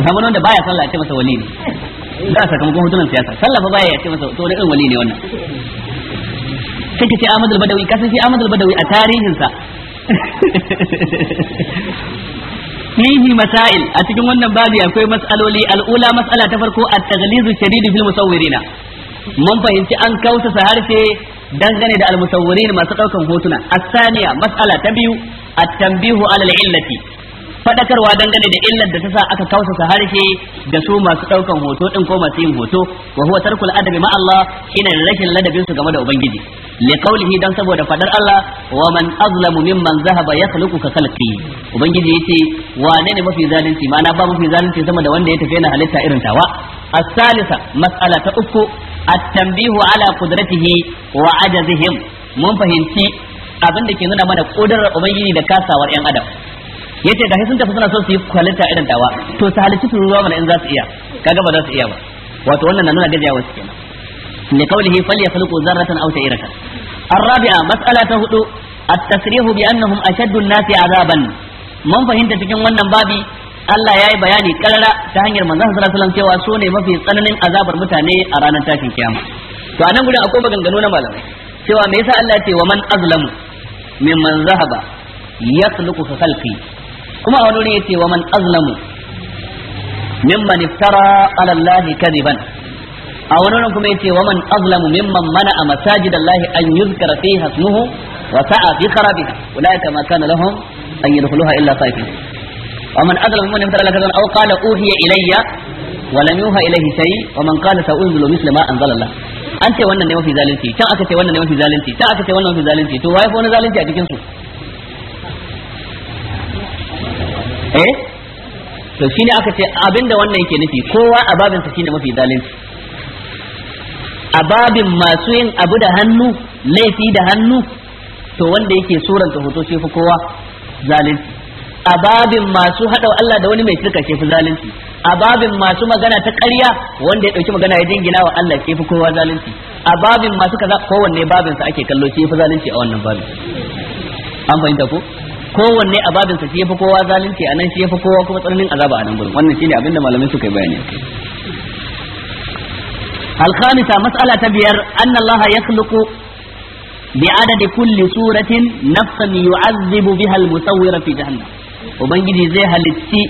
a samu wanda baya sallah a ce masa wali ne za a sakamakon hutunan siyasa sallah fa baya ya ce masa to wani irin wali ne wannan sai ka ce Ahmad al-Badawi kasance san al-Badawi a tarihinsa fihi masail a cikin wannan babi akwai mas'aloli al'ula mas'ala ta farko at-taghlizu shadidu fil musawwirina mun fahimci an kausa harshe dangane da al-musawwirin masu daukan hotuna as saniya mas'ala ta biyu at-tanbihu ala al-illati fadakarwa dangane da illar da ta sa aka kausasa harshe da su masu daukan hoto din ko masu yin hoto wa huwa tarkul adabi ma Allah shine rashin ladabin su game da ubangiji li qawlihi dan saboda fadar Allah wa man azlamu mimman zahaba yakhluqu ka khalqi ubangiji yace wane ne mafi zalunci ma'ana ba mafi zalunci sama da wanda ya tafi na halitta irin tawa الثالثة ala أكو التنبيه على wa وعجزهم mun fahimci abin da ke nuna mana kudurar ubangiji da kasawar yan adam yace gashi sun tafi suna so su yi kwalita irin dawa to su halitta tururuwa mana in za su iya kaga ba za su iya ba wato wannan na nuna gajiyawa su kenan ne kaulihi falyakhluqu zarratan aw ta'iratan الرابعة مسألة هدو التصريح بأنهم أشد nasi azaban من fahimta cikin wannan babi Allah ya yi bayani karara ta hanyar manzon sallallahu alaihi wasallam cewa su ne mafi tsananin azabar mutane a ranar tashin kiyama to anan gurin akwai maganganu na malamai cewa me yasa Allah ya ce wa man azlamu mimman zahaba yasluku ka khalqi kuma a wani wuri yace wa man azlamu mimman iftara ala allahi kadiban a wani wurin kuma yace wa man azlamu mimman mana a masajid masajidallahi an yuzkara fi hasmuhu wa sa'a fi kharabiha ulaika ma kana lahum an yadkhuluha illa saifin wa ومن أظلم ممن افترى لك أو قال أوحي إلي ولم يوحى إليه شيء ومن قال سأنزل مثل ما أنزل الله an ce wannan ne mafi zalunci can aka ce wannan ne mafi zalunci can aka ce wannan mafi zalunci to waye fa wani zalunci a cikin su eh to shine aka ce abinda wannan yake nufi kowa a babin sa shine mafi zalunci a babin masu yin abu da hannu laifi da hannu to wanda yake suranta hoto shi fi kowa zalunci a babin masu hada Allah da wani mai shirka shi fi zalunci a babin masu magana ta ƙarya wanda ya dauki magana ya dingina wa Allah shi fi kowa zalunci a babin masu kaza kowanne babin sa ake kallo shi fi zalunci a wannan babin an fahimta ko kowanne a babinsa shi ya fi kowa zalunci a nan shi ya fi kowa kuma tsananin azaba a nan gurin wannan shine abinda malamai suka yi bayani alkhamisa mas'ala ta biyar annallaha Allah ya khluqu bi adadi kulli suratin nafsan yu'azzibu biha al-musawwira fi jahannam ubangiji zai halitti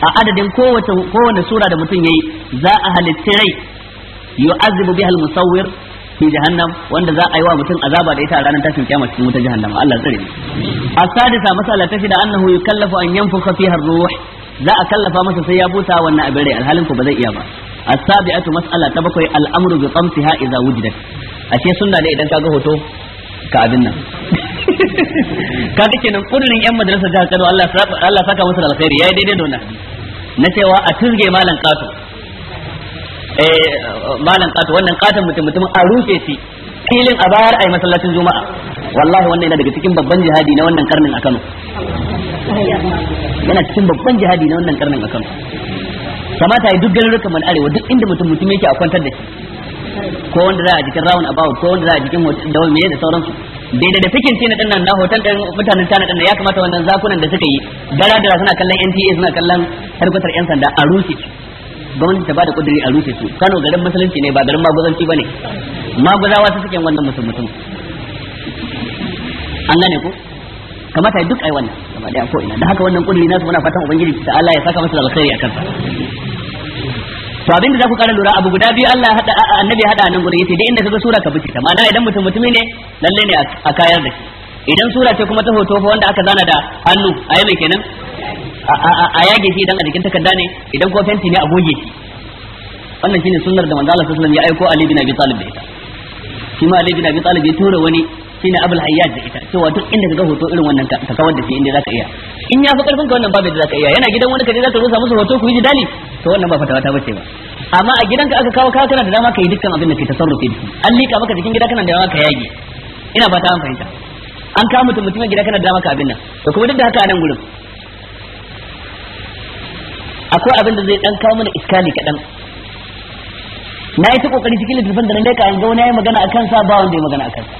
a adadin kowace kowanne sura da mutum ya yi za a halitti rai yu'azzibu biha al-musawwir fi jahannam wanda za a yi wa mutum azaba da ita a ranar tashin kiyama cikin wutar jahannama Allah tsare ni asadisa masala ta shida annahu yukallafu an yanfukha fiha ar-ruh za a kallafa masa sai ya buta wannan abin rai alhalin ko ba zai iya ba as-sabi'atu mas'ala ta bakwai al bi qamsiha ashe sunna ne idan kaga hoto ka abin nan kaga kenan kullun yan madrasa ta kado Allah Allah saka masa alkhairi yayi daidai da wannan na cewa a turge Malam kato Eh, malam kato wannan katon mutum mutum a rushe shi filin a bayar a yi masallacin juma'a wallahi wannan yana daga cikin babban jihadi na wannan karnin a Kano yana cikin babban jihadi na wannan karnin a Kano kamata ya duk ganin rukan arewa duk inda mutum mutum yake a kwantar da shi ko wanda za a jikin a bawa ko wanda za a jikin dawai meye da sauransu daidai da fikin tina din nan na hoton din mutanen tana din ya kamata wannan zakunan da suka yi dara dara suna kallon NTA suna kallon harkatar yan sanda a rushe gwamnati ta bada kudiri a rushe su Kano garin musulunci ne ba garin maguzanci ne maguzawa su suke wannan mutum mutum an gane ko kamata duk ai wannan gaba daya ko ina da haka wannan kudiri nasu muna fatan ubangiji ta Allah ya saka masa da alkhairi a sa to abinda za ku kara lura abu guda biyu Allah hada annabi hada nan gurin yace duk inda kaga sura ka bice ta ma'ana idan mutum mutumi ne lalle ne a kayar da shi idan sura ce kuma ta hoto fa wanda aka zana da hannu ayi mai kenan a yage shi idan a jikin takarda ne idan kuma fenti ne a goge shi wannan shine sunnar da manzo Allah sallallahu alaihi wasallam ya aiko Ali bin Abi Talib da ita shi ma Ali bin Abi Talib ya tura wani shine Abul Hayyad da ita cewa duk inda ga hoto irin wannan ka kawar da shi inda zaka iya in ya fi karfin ka wannan babu da zaka iya yana gidan wani kaje zaka rusa musu hoto ku yi jidali to wannan ba fatawa ta bace ba amma a gidanka aka kawo kawo kana da dama ka yi dukkan abin da ke tasarrufi da an lika maka jikin gida kana da dama ka yage ina fata an fahimta an kawo mutum mutumin gida kana da dama ka abin nan to kuma duk da haka a nan gurin akwai abin da zai dan kawo mana iskali kaɗan na yi ta kokari cikin littattafan da na dai ga wani ya magana akan sa ba wanda ya magana akan sa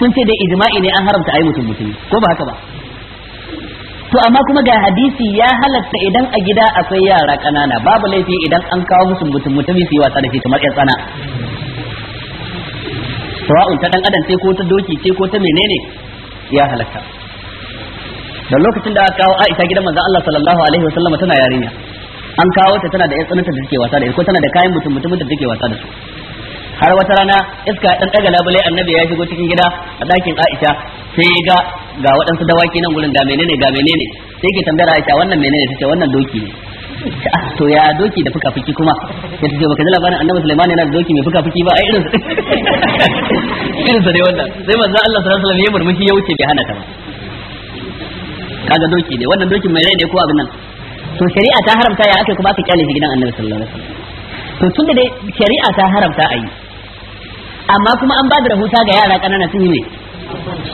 sun ce dai ijma'i ne an haramta ayi mutum mutum ko ba haka ba to amma kuma ga hadisi ya halatta idan a gida akwai yara kanana babu laifi idan an kawo musu mutum mutumi su yi wasa da shi kamar yan tsana sawa'un ta dan adam sai ko ta doki sai ko ta menene ya halatta da lokacin da aka kawo Aisha gidan manzon Allah sallallahu alaihi wasallam tana yarinya an kawo ta tana da ƴan tsananta da take wasa da ko tana da kayan mutum mutum da take wasa da su har wata rana iska dan daga labule annabi ya shigo cikin gida a dakin Aisha sai ga ga waɗansu dawaki nan gurin ga menene ga menene sai ke tambayar Aisha wannan menene tace wannan doki ne ah, to ya doki da fuka-fuki kuma ya tace baka ji labarin annabi Sulaiman yana da doki mai fuka-fuki ba ai irin irin sa dai wannan sai manzo Allah sallallahu alaihi wasallam ya murmushi ya wuce bai hana ta ba kaga doki ne wannan dokin mai rai ne ko abin nan to shari'a ta haramta ya aka kuma aka kyale shi gidan annabi sallallahu alaihi wasallam to tun da dai shari'a ta haramta ayi amma kuma an ba da rahusa ga yara kanana sun yi ne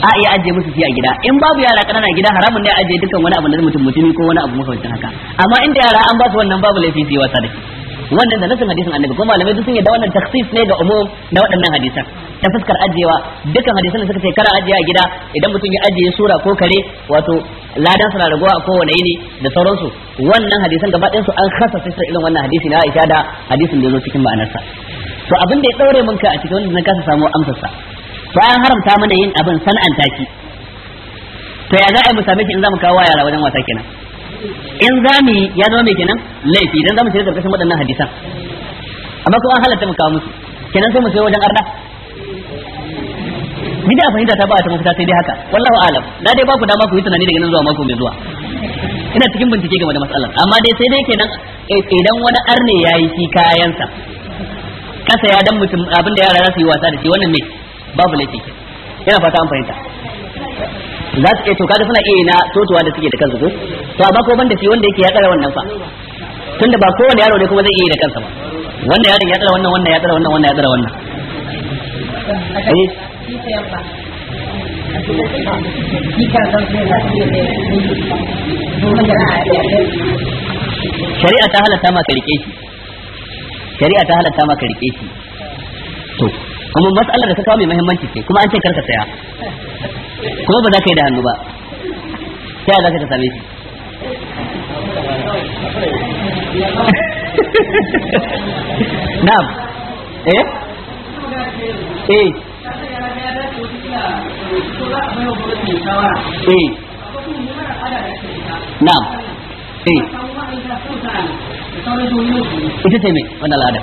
a iya ajiye musu shi a gida in babu yara kanana gida haramun ne ajiye dukkan wani abu da mutum mutumi ko wani abu makamancin haka amma inda yara an ba su wannan babu laifi su wasa da shi wannan da nasin hadisin annabi ko malamai duk sun yadda wannan taksis ne ga umum na waɗannan hadisan ta fuskar ajiyewa dukkan hadisan da suka ce kara ajiye a gida idan mutum ya ajiye sura ko kare wato ladan suna raguwa a kowane yini da sauransu wannan hadisan gaba ɗayan su an kasa sai irin wannan hadisi na Aisha da hadisin da ya zo cikin ma'anarsa to abin da ya daure mun ka a cikin na kasa samu sa to an haramta mana yin abin san'anta ki to ya za a yi mu same shi in za mu kawo yara wajen wasa kenan in za mu yi ya zama mai kenan laifi dan za mu shiga karkashin waɗannan hadisan amma kuma an halatta mu kawo musu kenan sai mu sai wajen arda bida fahimta ta ba ta mafita sai dai haka wallahu alam na dai ba ku dama ku yi tunani daga nan zuwa mako mai zuwa ina cikin bincike game da matsalar amma dai sai dai kenan eh, idan wani arne yi shi kayansa kasa ya dan mutum da yara za su yi wasa da shi wannan ne babu laifi ina fata an fahimta za su iya eh, to kaga suna iya na totuwa da suke da kansu ko to ba ko banda shi wanda yake ya tsara wannan fa tunda ba kowane yaro ne kuma zai iya da kansa ba wannan yaro ya tsara wannan wannan ya tsara wannan wannan ya tsara wannan eh? shari'a ta halatta ma ka rike shi shari'a ta halatta ma ka rike shi to kuma matsalar da ta kawo mai muhimmanci ce kuma an ce karka saya kuma ba za ka yi da hannu ba sai za ka same shi na'am eh eh eh eh ita ce mai wannan al'adar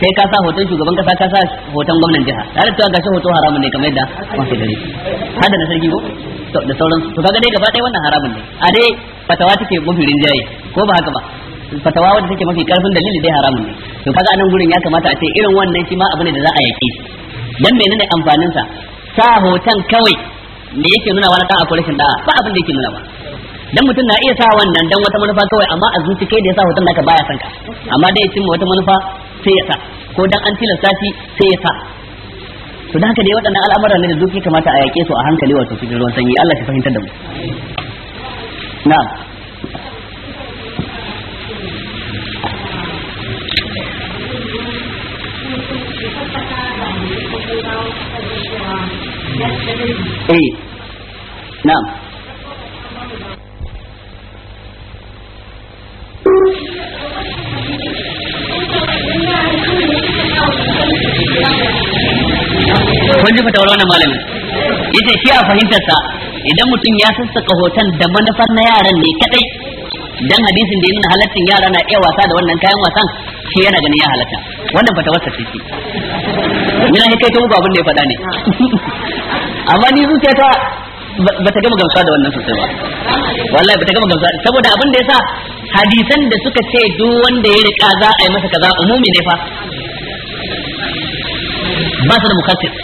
kai ka sa hoton shugaban kasa ka sa hoton gwamnan jiha tare da gashi hoto haramun ne kamar yadda wasu gari har da na sarki ko da sauran su kaga dai gaba ɗaya wannan haramun ne a dai fatawa take mafirin jaye ko ba haka ba fatawa wanda take mafi karfin dalili dai haramun ne to kaga anan gurin ya kamata a ce irin wannan shi ma abu ne da za a yake dan menene amfanin sa sa hoton kawai me yake nuna wani dan akwai rashin da'a ba abin da yake nuna ba dan mutum na iya sa wannan dan wata manufa kawai amma a zuci kai da yasa hoton naka baya son ka amma dai cimma wata manufa sai ya sa ko dan an tilasta shi sai ya sa to dan haka dai waɗannan al'amuran ne da zuci kamata a yake su a hankali wato cikin ruwan sanyi Allah ya fahimtar da mu na'am Eh, na'am. kun ji fatawar wannan malamin yace shi a fahimtarsa idan mutum ya sassaka hoton da manufar na yaran ne kadai dan hadisin da yana halattin yara na iya wasa da wannan kayan wasan shi yana ganin ya halatta wannan fata wasa ce yana kai ta muku abin da ya faɗa ne amma ni ta. ba ta gama gamsuwa da wannan sosai ba wallahi ba ta gama gamsuwa saboda abin da yasa hadisan da suka ce duk wanda ya rika za a yi masa kaza umumi ne fa ba su da mukaddas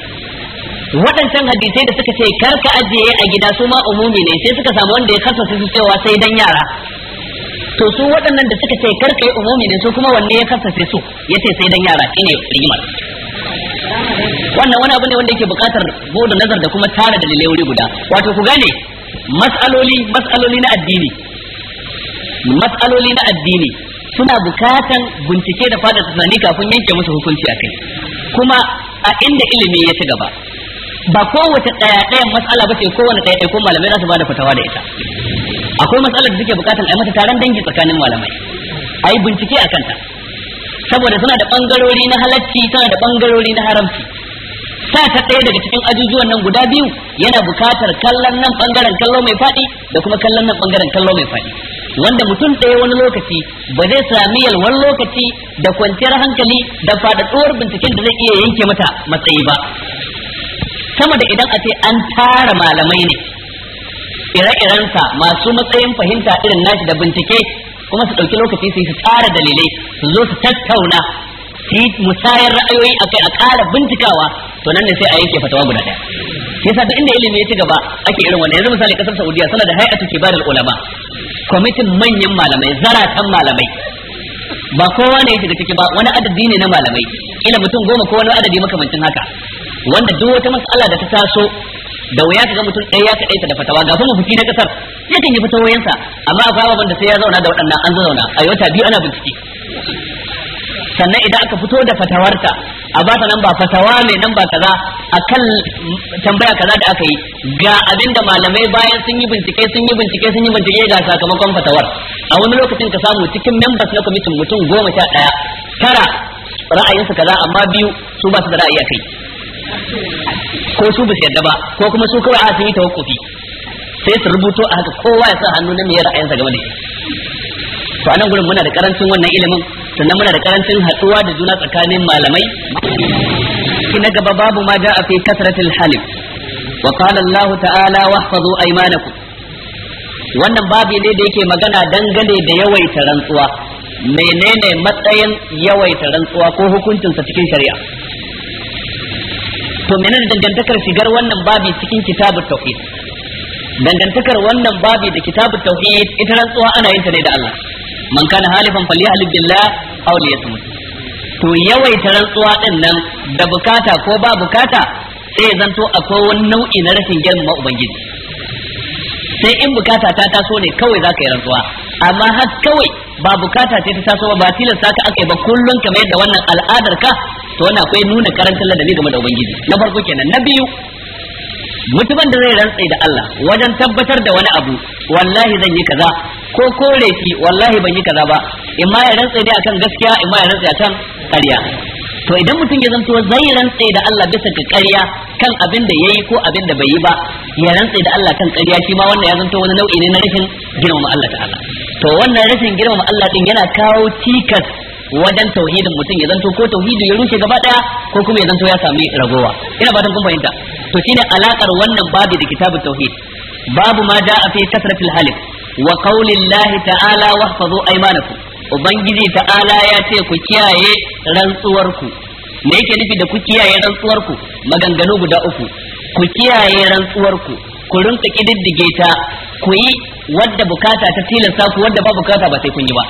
waɗancan hadisai da suka ce kar ka ajiye a gida su ma umumi ne sai suka samu wanda ya kasance su cewa sai dan yara to su waɗannan da suka ce kar ka yi umumi ne su kuma wanne ya kasance su yace sai dan yara shine rigimar wannan wani abu ne wanda yake bukatar bodo nazar da kuma tara dalilai wuri guda wato ku gane mas'aloli mas'aloli na addini mas'aloli na addini suna bukatan bincike da fada tunani kafin yanke musu hukunci a kai kuma a inda ilimi ya ci gaba ba kowace ɗaya ɗayan matsala ba ce kowane ɗaya ɗaya ko malamai za su ba da fatawa da ita akwai matsalar da suke bukatan a mata taron dangi tsakanin malamai a yi bincike a kanta saboda suna da bangarori na halacci suna da bangarori na haramci sa ta ɗaya daga cikin ajujuwan nan guda biyu yana bukatar kallon nan bangaren kallo mai faɗi da kuma kallon nan bangaren kallo mai faɗi wanda mutum ɗaya wani lokaci ba zai sami yalwar lokaci da kwanciyar hankali da faɗaɗuwar binciken da zai iya yanke mata matsayi ba sama da idan a ce an tara malamai ne ire-irensa masu matsayin fahimta irin nashi da bincike kuma su ɗauki lokaci su yi su tsara dalilai su zo su tattauna su yi musayar ra'ayoyi a kai a ƙara bincikawa to nan ne sai a yanke fatawa guda ɗaya yasa duk inda ilimi ya ci gaba ake irin wannan yanzu misali kasar Saudiya suna da hay'atu kibarul ulama kwamitin manyan malamai zaratan malamai ba kowa ne ya shiga ciki ba wani adadi ne na malamai ila mutum goma ko wani adadi makamancin haka wanda duk wata mas'ala da ta taso da wuya ka ga mutum ɗaya ya kaɗaita da fatawa ga kuma fuki na ƙasar ya kan yi fatawoyinsa amma akwai abin da sai ya zauna da waɗannan an zauna a wata biyu ana bincike sannan idan aka fito da fatawarta a ba ta namba fatawa mai namba kaza akan tambaya kaza da aka yi ga abinda malamai bayan sun yi bincike sun yi bincike sun yi bincike ga sakamakon fatawar a wani lokacin ka samu cikin membas na kwamitin mutum goma sha ɗaya tara ra'ayinsa kaza amma biyu su ba su da ra'ayi a kai. ko su ba su yarda ba ko kuma su kawai a sun yi tawakkufi sai su rubuto a haka kowa ya sa hannu na mai ra'ayinsa game da shi to anan gurin muna da karancin wannan ilimin sannan muna da karancin haɗuwa da juna tsakanin malamai na gaba babu ma ja'a fi kasratil halif wa qala Allah ta'ala wahfazu aymanakum wannan babi ne da yake magana dangane da yawaita rantsuwa menene matsayin yawaita rantsuwa ko hukuncinsa cikin shari'a to menene dangantakar shigar wannan babi cikin kitabut tauhid dangantakar wannan babi da kitabut tauhid ita rantsuwa ana yin ta ne da Allah man kana halifan falyahlib billah aw liyasmut to yawaita rantsuwa din nan da bukata ko ba bukata sai ya zanto akwai wani nau'i na rashin girmama ubangiji sai in bukata ta taso ne kawai za ka yi rantsuwa amma har kawai ba bukata ce ta taso ba tilasta ka aka yi ba kullum kamar yadda wannan al'adar ka To wannan akwai nuna karantar ladabi game da ubangiji na farko kenan na biyu mutumin da zai rantsa da Allah wajen tabbatar da wani abu wallahi zan yi kaza ko kore shi wallahi ban yi kaza ba in ma ya rantsa dai akan gaskiya in ma ya rantsa akan ƙarya to idan mutum ya zanto zai rantsa da Allah bisa ga ƙarya kan abin da yayi ko abin da bai yi ba ya rantsa da Allah kan ƙarya shi ma wannan ya zanto wani nau'i ne na rashin girmama Allah ta'ala to wannan rashin girmama Allah din yana kawo cikas wajen tauhidin mutum ya zanto ko tauhidi ya rushe gaba daya ko kuma ya zanto ya sami ragowa ina fatan kun fahimta to shine alakar wannan babu da kitabu tauhid babu ma a fi kasratil halik wa qawli llahi ta'ala wahfazu aymanakum ubangiji ta'ala ya ce ku kiyaye rantsuwarku me yake nufi da ku kiyaye rantsuwarku maganganu guda uku ku kiyaye rantsuwarku ku rinka kididdige ta ku yi wadda bukata ta tilasta ku wadda ba bukata ba sai kun yi ba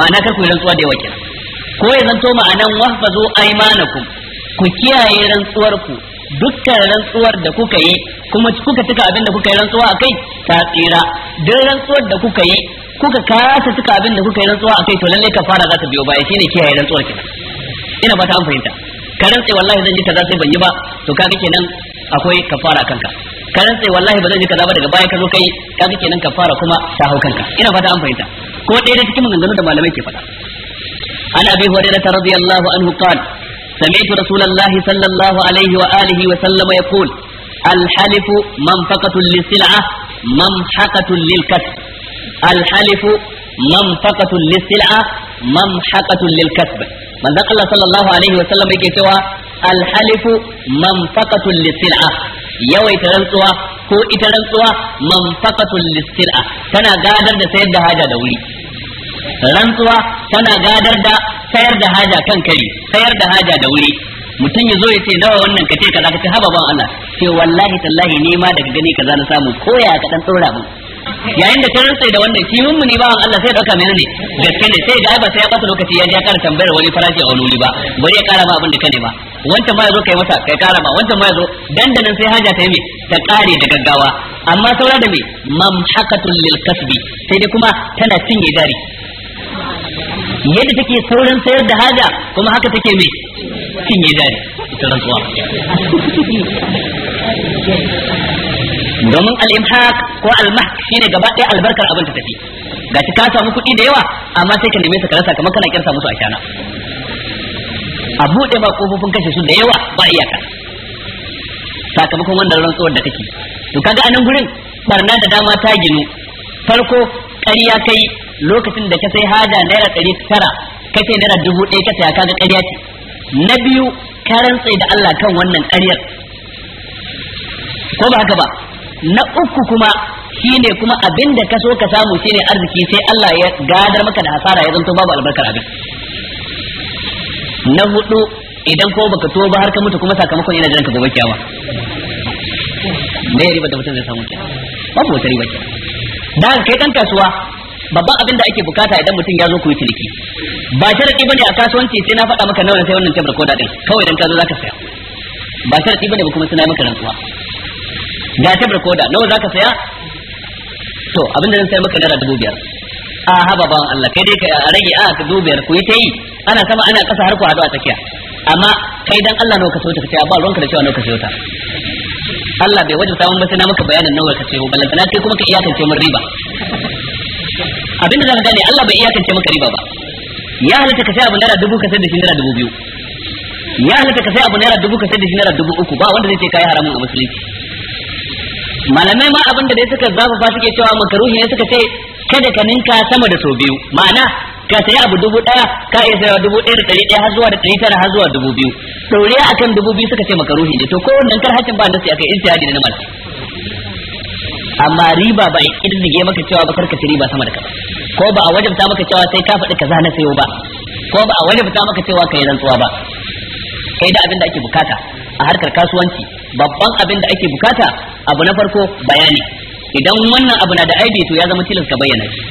ma'ana kar ku yi rantsuwa da yawa kenan ko ya zanto ma'anan wahfazu aymanakum ku kiyaye rantsuwar ku dukkan rantsuwar da kuka yi kuma kuka tuka abin da kuka yi rantsuwa a kai ta tsira duk rantsuwar da kuka yi kuka kasa tuka abin da kuka yi rantsuwa a kai to lallai kafara za ta biyo baya shine kiyaye rantsuwar ki ina ba ta an fahimta ka rantse wallahi zan ji kaza sai ban yi ba to kaga kenan akwai kafara kanka ka rantse wallahi ba zan ji kaza ba daga baya ka zo kai kaga kenan kafara kuma ta hau kanka ina ta an fahimta ko ɗaya da cikin maganganun da malamai ke faɗa عن أبي هريرة رضي الله عنه قال سمعت رسول الله صلى الله عليه وآله وسلم يقول الحلف منفقة للسلعة ممحقة للكسب الحلف منفقة للسلعة ممحقة للكسب من ذكر الله صلى الله عليه وسلم يكتوى الحلف منفقة للسلعة يا rantsuwa ko ita منفقة للسلعة listil'a قادر gadar هذا دولي rantsuwa tana gadar da sayar da haja kan kari sayar da haja da wuri mutum ya zo ya ce nawa wannan ka ce kaza ka ce haba ban Allah ce wallahi tallahi ne ma daga gani kaza na samu koya ka dan tsora yayin da ka rantsa da wannan shi mun ne bawan Allah sai dauka menene gaske ne sai ga ba sai ya bata lokaci ya ja kara tambayar wani farashi a wani wuri ba bari ya kara ma abin da ka ba. wancan ma yazo kai masa kai kara ma wancan ma yazo dandanan sai haja ta yi me ta kare da gaggawa amma saura da me mamhakatul lil kasbi sai dai kuma tana cinye dari yadda take saurin sayar da haja kuma haka take mai yi jari ita rantsuwa domin al’imhaq ko al shi shine gaba ɗaya albarkar abin ta tafi ga ka samu kuɗi da yawa amma sai ka neme su ka kamar kana kirsa musu a shana a buɗe ba kofofin kashe su da yawa ba iyaka sakamakon wanda rantsuwar da take to kaga anan gurin barna da dama ta ginu farko ƙarya kai lokacin da ka sai haja naira ɗari tara ka ce naira dubu ɗaya ka saya kaga ƙarya ce na biyu ka rantse da Allah kan wannan ƙaryar ko ba haka ba na uku kuma shine kuma abin da ka so ka samu shine arziki sai Allah ya gadar maka da hasara ya zanto babu albarkar abin na hudu idan ko baka to ba har ka mutu kuma sakamakon yana jiran ka gobe kiyama me riba da mutum zai samu kiyama babu wata riba kiyama dan kai dan kasuwa babban abin da ake bukata idan mutum ya zo ku yi ciniki ba sharadi bane a kasuwanci sai na faɗa maka nawa sai wannan tabar koda din kawai idan ka zo zaka saya ba sharadi bane ba kuma sai na maka rantsuwa ga tabar koda nawa zaka saya to abin da zan sai maka naira dubu biyar a haba bawan Allah kai dai ka rage a ka dubu biyar ku yi ta yi ana sama ana ƙasa har ku hadu a tsakiya amma kai dan Allah nawa ka so ta ce ba ruwanka da cewa nawa ka sayo ta Allah bai wajabta samun ba sai na maka bayanin nawa ka ba balantana kai kuma ka iyakance mun riba abinda zaka gane Allah bai iyakance maka riba ba ya halatta ka sai abu naira dubu ka sai da shi naira dubu biyu ya halatta ka sai abu naira dubu ka sai da shi naira dubu uku ba wanda zai ce kai haramun a musulunci malamai ma abinda da suka zafafa suke cewa makaruhi ne suka ce kada ka ninka sama da sau biyu ma'ana ka sayi abu dubu ɗaya ka iya sayawa dubu ɗaya da ɗari ɗaya har zuwa da ɗari tara har zuwa dubu biyu ɗoriya akan dubu biyu suka ce makaruhi ne to kowannen kar hakkin ba da sai aka yi na malamai amma riba ba a kirdige maka cewa ba karka ci riba sama da kaza ko ba a wajabta maka cewa sai ka faɗi kaza na sayo ba ko ba a wajabta maka cewa kai rantsuwa ba kai da abin da ake bukata a harkar kasuwanci babban abin da ake bukata abu na farko bayani idan wannan abu na da aibe to ya zama tilas ka bayyana shi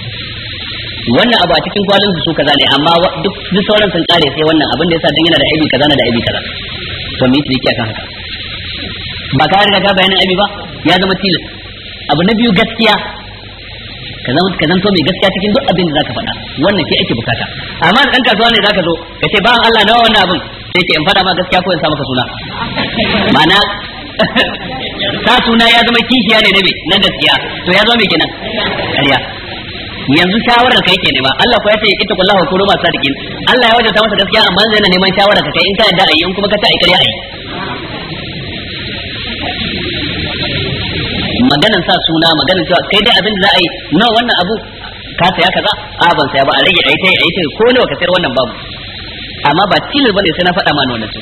wannan abu a cikin kwalin su kaza ne amma duk duk sauran sun kare sai wannan abin da yasa dan yana da aibi kaza na da aibi kaza to me yake akan haka ba ka riga ka bayanin aibi ba ya zama tilas abu na biyu gaskiya ka zama ka zanto mai gaskiya cikin duk abin da zaka faɗa wannan shi ake bukata amma da dan kasuwa ne zaka zo ka ce bayan Allah nawa wannan abin sai ce in faɗa ma gaskiya ko in sa maka suna ma'ana ta suna ya zama kishiya ne nabi na gaskiya to ya zama mai kenan ƙarya yanzu shawarar kai ke nema Allah ko ya ce ita kullahu kullu ma sadiqin Allah ya wajata masa gaskiya amma zai na neman shawarar ka kai in ka yarda ayi in kuma ka ta aikari ayi maganan sa suna maganan cewa kai dai abin da za a yi na wannan abu ka saya kaza a ban saya ba a rage aita aita ko ne ka sayar wannan babu amma ba tilas bane sai na faɗa ma wannan su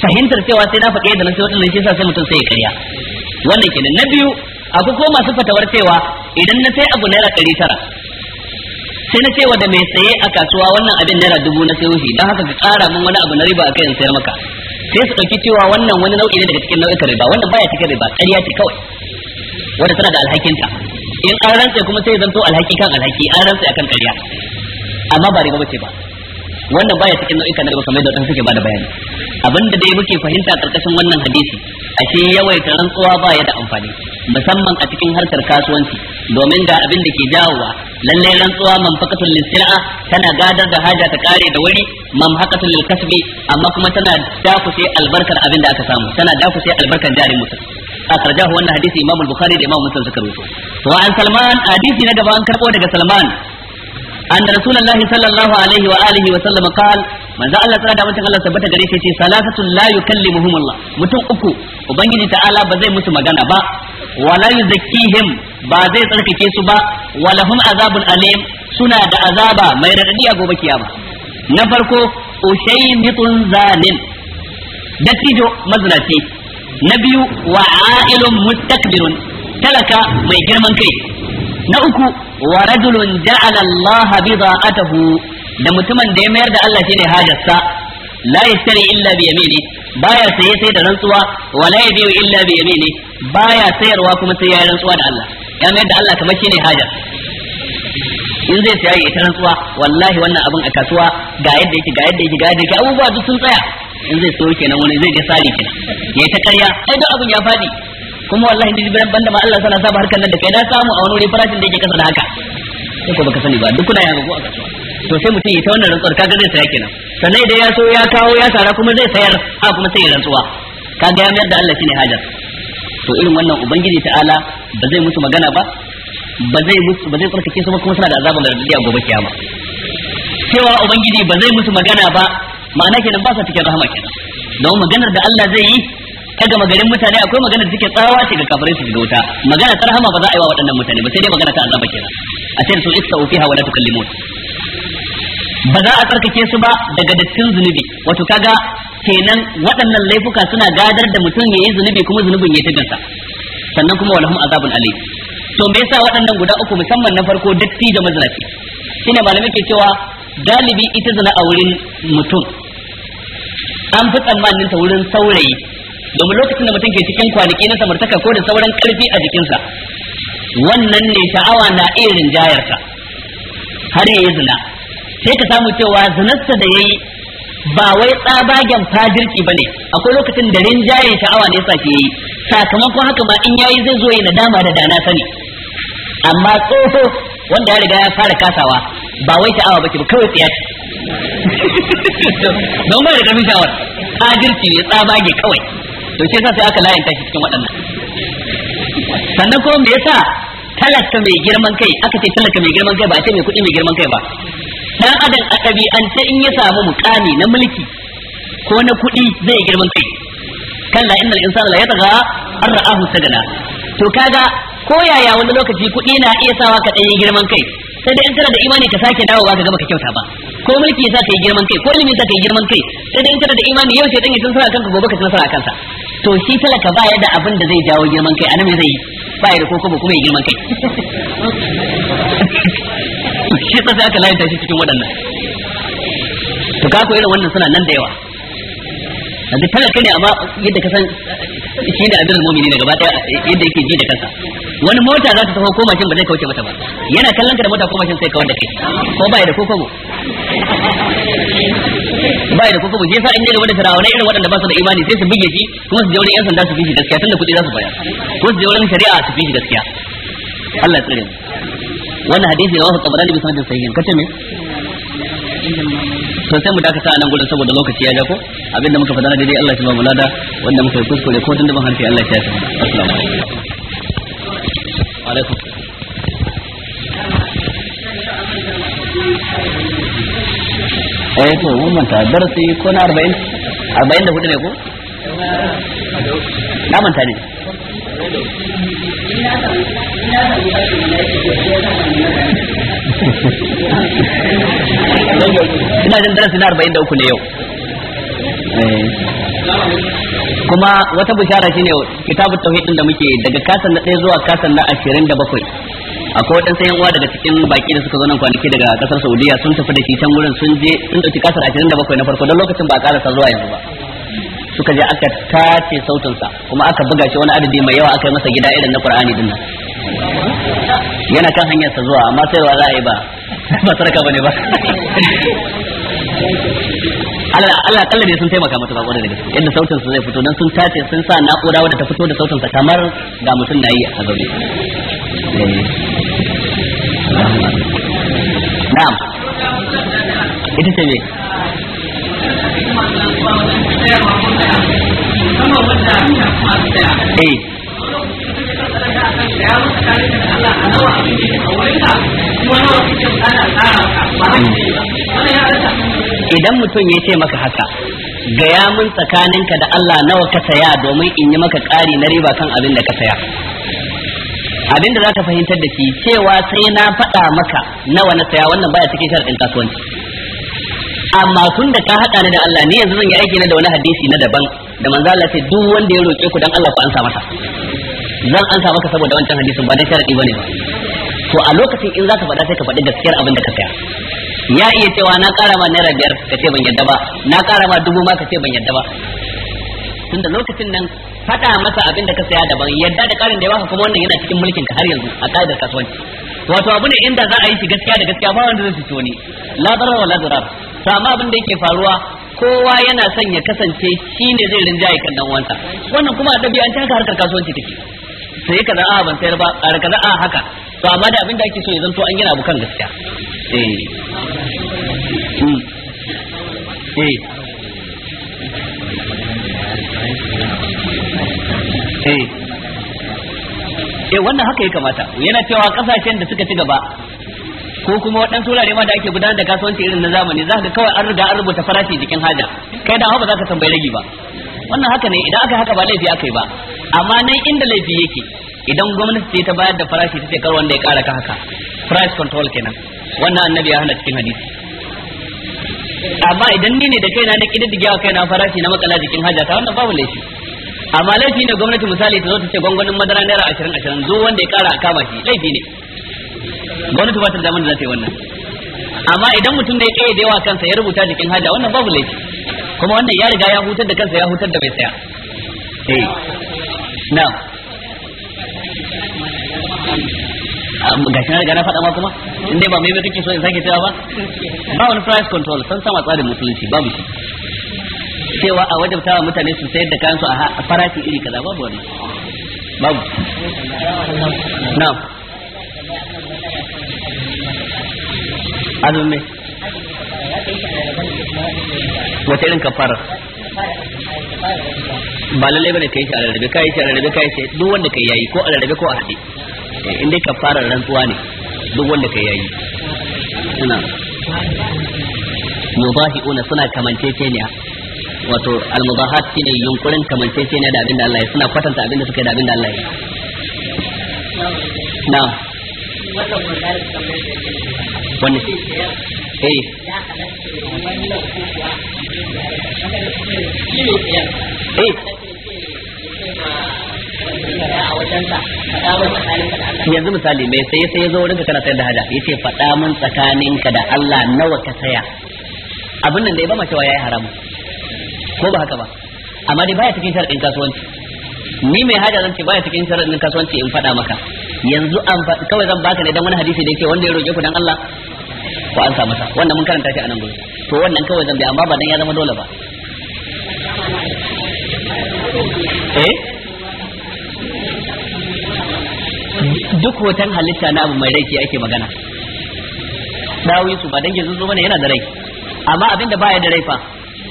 fahimtar cewa sai na faɗi yadda na sai wannan ne yasa sai mutum sai ya karya wannan kenan na biyu akwai ko masu fatawar cewa idan na sai abu naira ɗari tara sai na cewa da mai saye a kasuwa wannan abin naira dubu na sayo shi don haka ka ƙara min wani abu na riba a kai in sayar maka sai su ɗauki cewa wannan wani nau'i ne daga cikin nau'ikan riba wannan baya cikin riba ƙarya ce kawai wanda tana da alhakinta in an rantsa kuma sai zanto alhaki kan alhaki an rantsa akan ƙarya amma ba riba bace ba wannan baya cikin nau'ikan na riba kamar da suke bada bayani abinda dai muke fahimta karkashin wannan hadisi ashe yawaita rantsuwa ya da amfani musamman a cikin harkar kasuwanci domin ga abin da ke jawowa lallai rantsuwa fakatul lis'a tana gadar da haja ta kare da wuri mamhaqatul lil kasbi amma kuma tana dakushe albarkar abin da aka samu tana dakushe albarkar jarin mutum akhrajahu wannan hadisi imam al-bukhari da imam muslim suka rawaito To an salman hadisi na gaba an karbo daga salman anna rasulullahi sallallahu alaihi wa alihi wa sallam qala manzo Allah tsara da mutum Allah tabbata gare shi ce salatatun la yukallimuhum Allah mutum uku ubangiji ta'ala ba zai musu magana ba wa la yuzakkihim ba zai tsarkake su ba wa lahum azabun alim suna da azaba mai radadi a gobe kiyama na farko ushaymitun zalim dattijo mazinaci na biyu wa a'ilun mustakbirun talaka mai girman kai na uku wa rajulun ja'ala Allah bidaqatahu da mutumin da ya mayar da Allah shine hajarsa la yashtari illa bi yamini baya saye sai da rantsuwa wa la yabiu illa bi yamini baya sayarwa kuma sai ya rantsuwa da Allah ya mayar da Allah kamar shine hajar in zai saya ya ta rantsuwa wallahi wannan abin a kasuwa ga yadda yake ga yadda yake ga yadda yake abubuwa duk sun tsaya in zai soyo kenan wani zai ga sari kenan ya ta karya ai duk abin ya fadi kuma wallahi duk ban banda ma Allah sana saba harkan nan da kai na samu a wani wuri farashin da yake kasa da haka sai ko baka sani ba duk kuna ya ga ko a kasuwa to sai mutum ya ta wannan rantsuwar kaga zai saya kenan sannan idan ya so ya kawo ya tara kuma zai sayar a kuma sai ya rantsuwa kaga ya mayar da Allah shine hajar to irin wannan ubangiji ta'ala ba zai musu magana ba ba zai musu ba zai tsarkake su ba kuma suna da azaba da radadi a gobe kiyama cewa ubangiji ba zai musu magana ba ma'ana kenan ba sa cikin rahama kenan don maganar da Allah zai yi kaga magarin mutane akwai magana da take tsawa ce ga kafirai su shiga wuta magana ta rahama ba za a yi wa waɗannan mutane ba sai dai magana ta azaba kenan a ce su isa ufiha wa la tukallimun ba za a tsarkake su ba daga dattin zunubi wato kaga kenan waɗannan laifuka suna gadar da mutum yayi zunubi kuma zunubin ya tagansa sannan kuma walahum azabun alai to me yasa waɗannan guda uku musamman na farko datti da mazinaci shine malamai ke cewa galibi ita zina a wurin mutum an fi tsammanin ta wurin saurayi domin lokacin da mutum ke cikin kwanaki na samartaka ko da sauran karfi a jikinsa wannan ne sha'awa na iya rinjayarsa har yayi zina sai ka samu cewa zinarsa da yayi ba wai tsabagen fadirki ne. akwai lokacin da rinjaye sha'awa ne sake yi sakamakon haka ma in yayi zai zo yi nadama da dana sani amma tsoho wanda ya riga ya fara kasawa ba wai sha'awa bace ba kawai tsiya don bai da karfin shawar kajirci ne tsabage kawai to sai sa sai aka layanta shi cikin waɗannan sannan kuma me yasa talaka mai girman kai aka ce talaka mai girman kai ba a ce mai kuɗi mai girman kai ba dan adam a ɗabi'ance in ya samu mukami na mulki ko na kuɗi zai girman kai Kan kalla innal insana la yatagha an ra'ahu sagana to kaga ko yaya wani lokaci kuɗi na iya sawa ka ɗanyen girman kai sai da in kana da imani ka sake dawowa ka gama ka kyauta ba ko mulki yasa yi girman kai ko ilimi yasa yi girman kai sai dai in da imani yau sai dan ya nasara kanka gobe ka nasara kansa to shi talaka ba ya da abin da zai jawo girman kai anan zai yi ba ya da ko ba kuma ya girman kai shi sai aka ta shi cikin waɗannan to ka koyi irin wannan suna nan da yawa da talaka ne amma yadda ka san shi da abin amirul ne gaba daya yadda yake ji da kansa wani mota za ta taho ko mashin ba zai kauce mata ba yana kallon ka da mota ko mashin sai kawar da kai ko bai da kokobo bai da kokobo shi yasa in ya gaba da firawuna irin waɗanda ba su da imani sai su buge shi kuma su je wurin yan sanda su fi shi gaskiya tunda kuɗi za su bayar ko su je wurin shari'a su fi gaskiya Allah ya tsare wannan hadisi ne rawahu tabarani bi sanadin sahihin kace me to sai mu dakata a nan gurin saboda lokaci ya ja ko abinda muka faɗa daidai Allah ya ba mu lada wanda muka kuskure ko tun da ban harfi Allah ya tafi assalamu alaikum eh to mun manta darasi ko na 40 44 ne ko na manta ne ina you. ina jin darasi na 43 ne yau kuma wata bishara shine kitabut tauhid din da muke daga kasan na 1 zuwa kasan na 27 akwai wadansu yan uwa daga cikin baki da suka zo nan kwanaki daga kasar Saudiya sun tafi da shi can wurin sun je sun dauki kasar 27 na farko don lokacin ba a karasa zuwa yanzu ba suka je aka tace sautinsa kuma aka buga shi wani adadi mai yawa aka yi masa gida irin na Qur'ani din nan yana kan hanyarsa zuwa amma sayarwa za a yi ba ba sarka bane ba Allah Allah kalla dai sun taimaka mata bakwai da gaske yadda sautin su zai fito dan sun tace sun sa na'ura wadda ta fito da sautin sa kamar ga mutum na yi a zaune na'am ita ce me eh idan mutum ya ce maka haka gaya mun tsakaninka da Allah nawa ka saya domin in yi maka ƙari na riba kan abin da ka saya abin da zaka fahimtar da shi cewa sai na faɗa maka nawa na saya wannan baya cikin sharadin kasuwanci amma tun da ka haɗa ni da Allah ni yanzu zan yi aiki na da wani hadisi na daban da manzo Allah sai duk wanda ya roke ku dan Allah ku ansa masa zan ansa maka saboda wancan hadisin ba dan sharadi bane ba to a lokacin in zaka faɗa sai ka faɗi gaskiyar abin da ka saya ya iya cewa na ƙara ma naira biyar ka ce ban yadda ba na ƙara ma dubu ma ka ce ban yadda ba tunda lokacin nan faɗa masa abin da ka saya daban yadda da ƙarin da ya baka kuma wannan yana cikin mulkin ka har yanzu a ƙa'idar kasuwanci wato abu ne inda za a yi shi gaskiya da gaskiya ba wanda zai fito wani la darar wa la darar to amma abin da yake faruwa kowa yana son ya kasance shine zai rinjaye kan dan wanta wannan kuma a ɗabi'ance haka harkar kasuwanci take sai kaza a ah, ban sayar ba ƙara kaza a ah, haka to amma da abin da ake so ya zanto an gina abu kan gaskiya eh hmm. eh eh eh wannan haka ya kamata yana cewa kasashen da suka ci gaba ko kuma waɗansu wurare ma da ake gudanar da kasuwanci irin na zamani za ka kawai an riga an rubuta farashi jikin haja kai da ba za ka tambayi ragi ba wannan haka ne idan aka haka ba laifi aka yi ba amma nan inda laifi yake idan gwamnati ce ta bayar da farashi ta ce kar wanda ya kara ka haka price control kenan wannan annabi ya hana cikin hadisi amma idan ni ne da kaina na kididdige wa kaina farashi na makala jikin haja ta wannan babu laifi amma laifi ne gwamnati misali ta zo ta ce gwangwanin madara naira ashirin ashirin zo wanda ya kara a kama shi laifi ne gwamnati ba ta da da ta yi wannan amma idan mutum da ya kai da yawa kansa ya rubuta jikin haja wannan babu laifi kuma wannan ya riga ya hutar da kansa ya hutar da bai saya eh na ga shi na riga na faɗa ma kuma in dai ba mai kake so in sake cewa ba ba wani price control san sama tsari musulunci babu shi cewa a wajen tawa mutane su sayar da kansu a farashi iri kaza babu wani babu na azumin wata irin kafara ba lalle bane kai shi a rarrabe kai shi a rarrabe kai shi duk wanda kai yayi ko a rarrabe ko a haɗe eh, in dai kafarar rantsuwa ne duk wanda kai yayi ina una suna kamanceceniya wato almubahat shine yunkurin kamanceceniya da abinda Allah ya suna kwatanta abinda suka yi da abinda Allah ya na wannan eh yanzu misali mai sai sai ya zo ka kana sayar da haja Ya ce faɗa mun tsakaninka da Allah nawa ka saya abin nan da ya ba mace yi haramu ko ba haka ba amma dai baya cikin sharadin kasuwanci ni mai haja zan ce baya cikin sharadin kasuwanci in faɗa maka yanzu an kawai zan baka ne dan wani hadisi da yake wanda ya roke ku dan Allah ko an samu wannan mun karanta shi a nan gurin to wannan kawai zambi amma ba dan ya zama dole ba eh duk hoton halitta na abu mai rai ake magana dawo su ba dangin zuzo bane yana da rai amma abinda baya da rai fa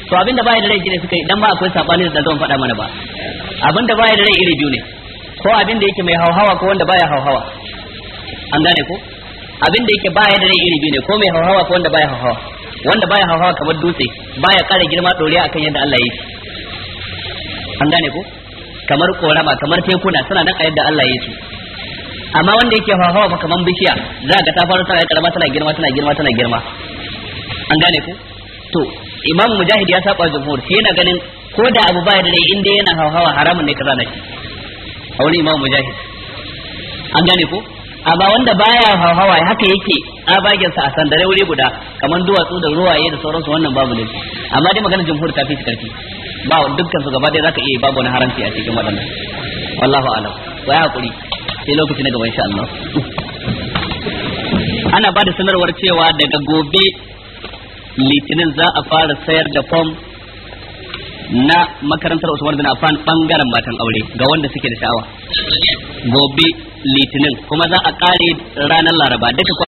to abinda baya da rai gine suka yi dan ba akwai sabani da zan faɗa mana ba abinda baya da rai iri biyu ne ko abinda yake mai hauhawa ko wanda baya hauhawa an gane ko abin da yake baya da rai iri biyu ne ko mai hawa ko wanda baya hawa wanda baya hawa kamar dutse baya kare girma doriya akan yadda Allah ya yi an gane ko kamar korama kamar tekuna suna nan a yadda Allah ya yi su amma wanda yake hawa fa kamar bishiya za ga ta fara tana karama tana girma tana girma tana girma an gane ko to imam mujahid ya saba jumhur shi yana ganin ko da abu baya da rai inda yana hawa haramun ne kaza na shi a wani imam mujahid an gane ko amma wanda baya hawa haka yake abagen sa a sandare wuri guda kamar duwatsu da ruwaye da sauransu wannan babu ne amma dai maganar jumhur ta fi karfi ba dukkan su gaba dai zaka iya babu wani haramci a cikin waɗannan wallahu alam wai hakuri sai lokaci na gaba insha Allah ana ba da sanarwar cewa daga gobe litinin za a fara sayar da fom na makarantar Usman bin Affan bangaren matan aure ga wanda suke da sha'awa gobe litinin kuma za a kare ranar Laraba duka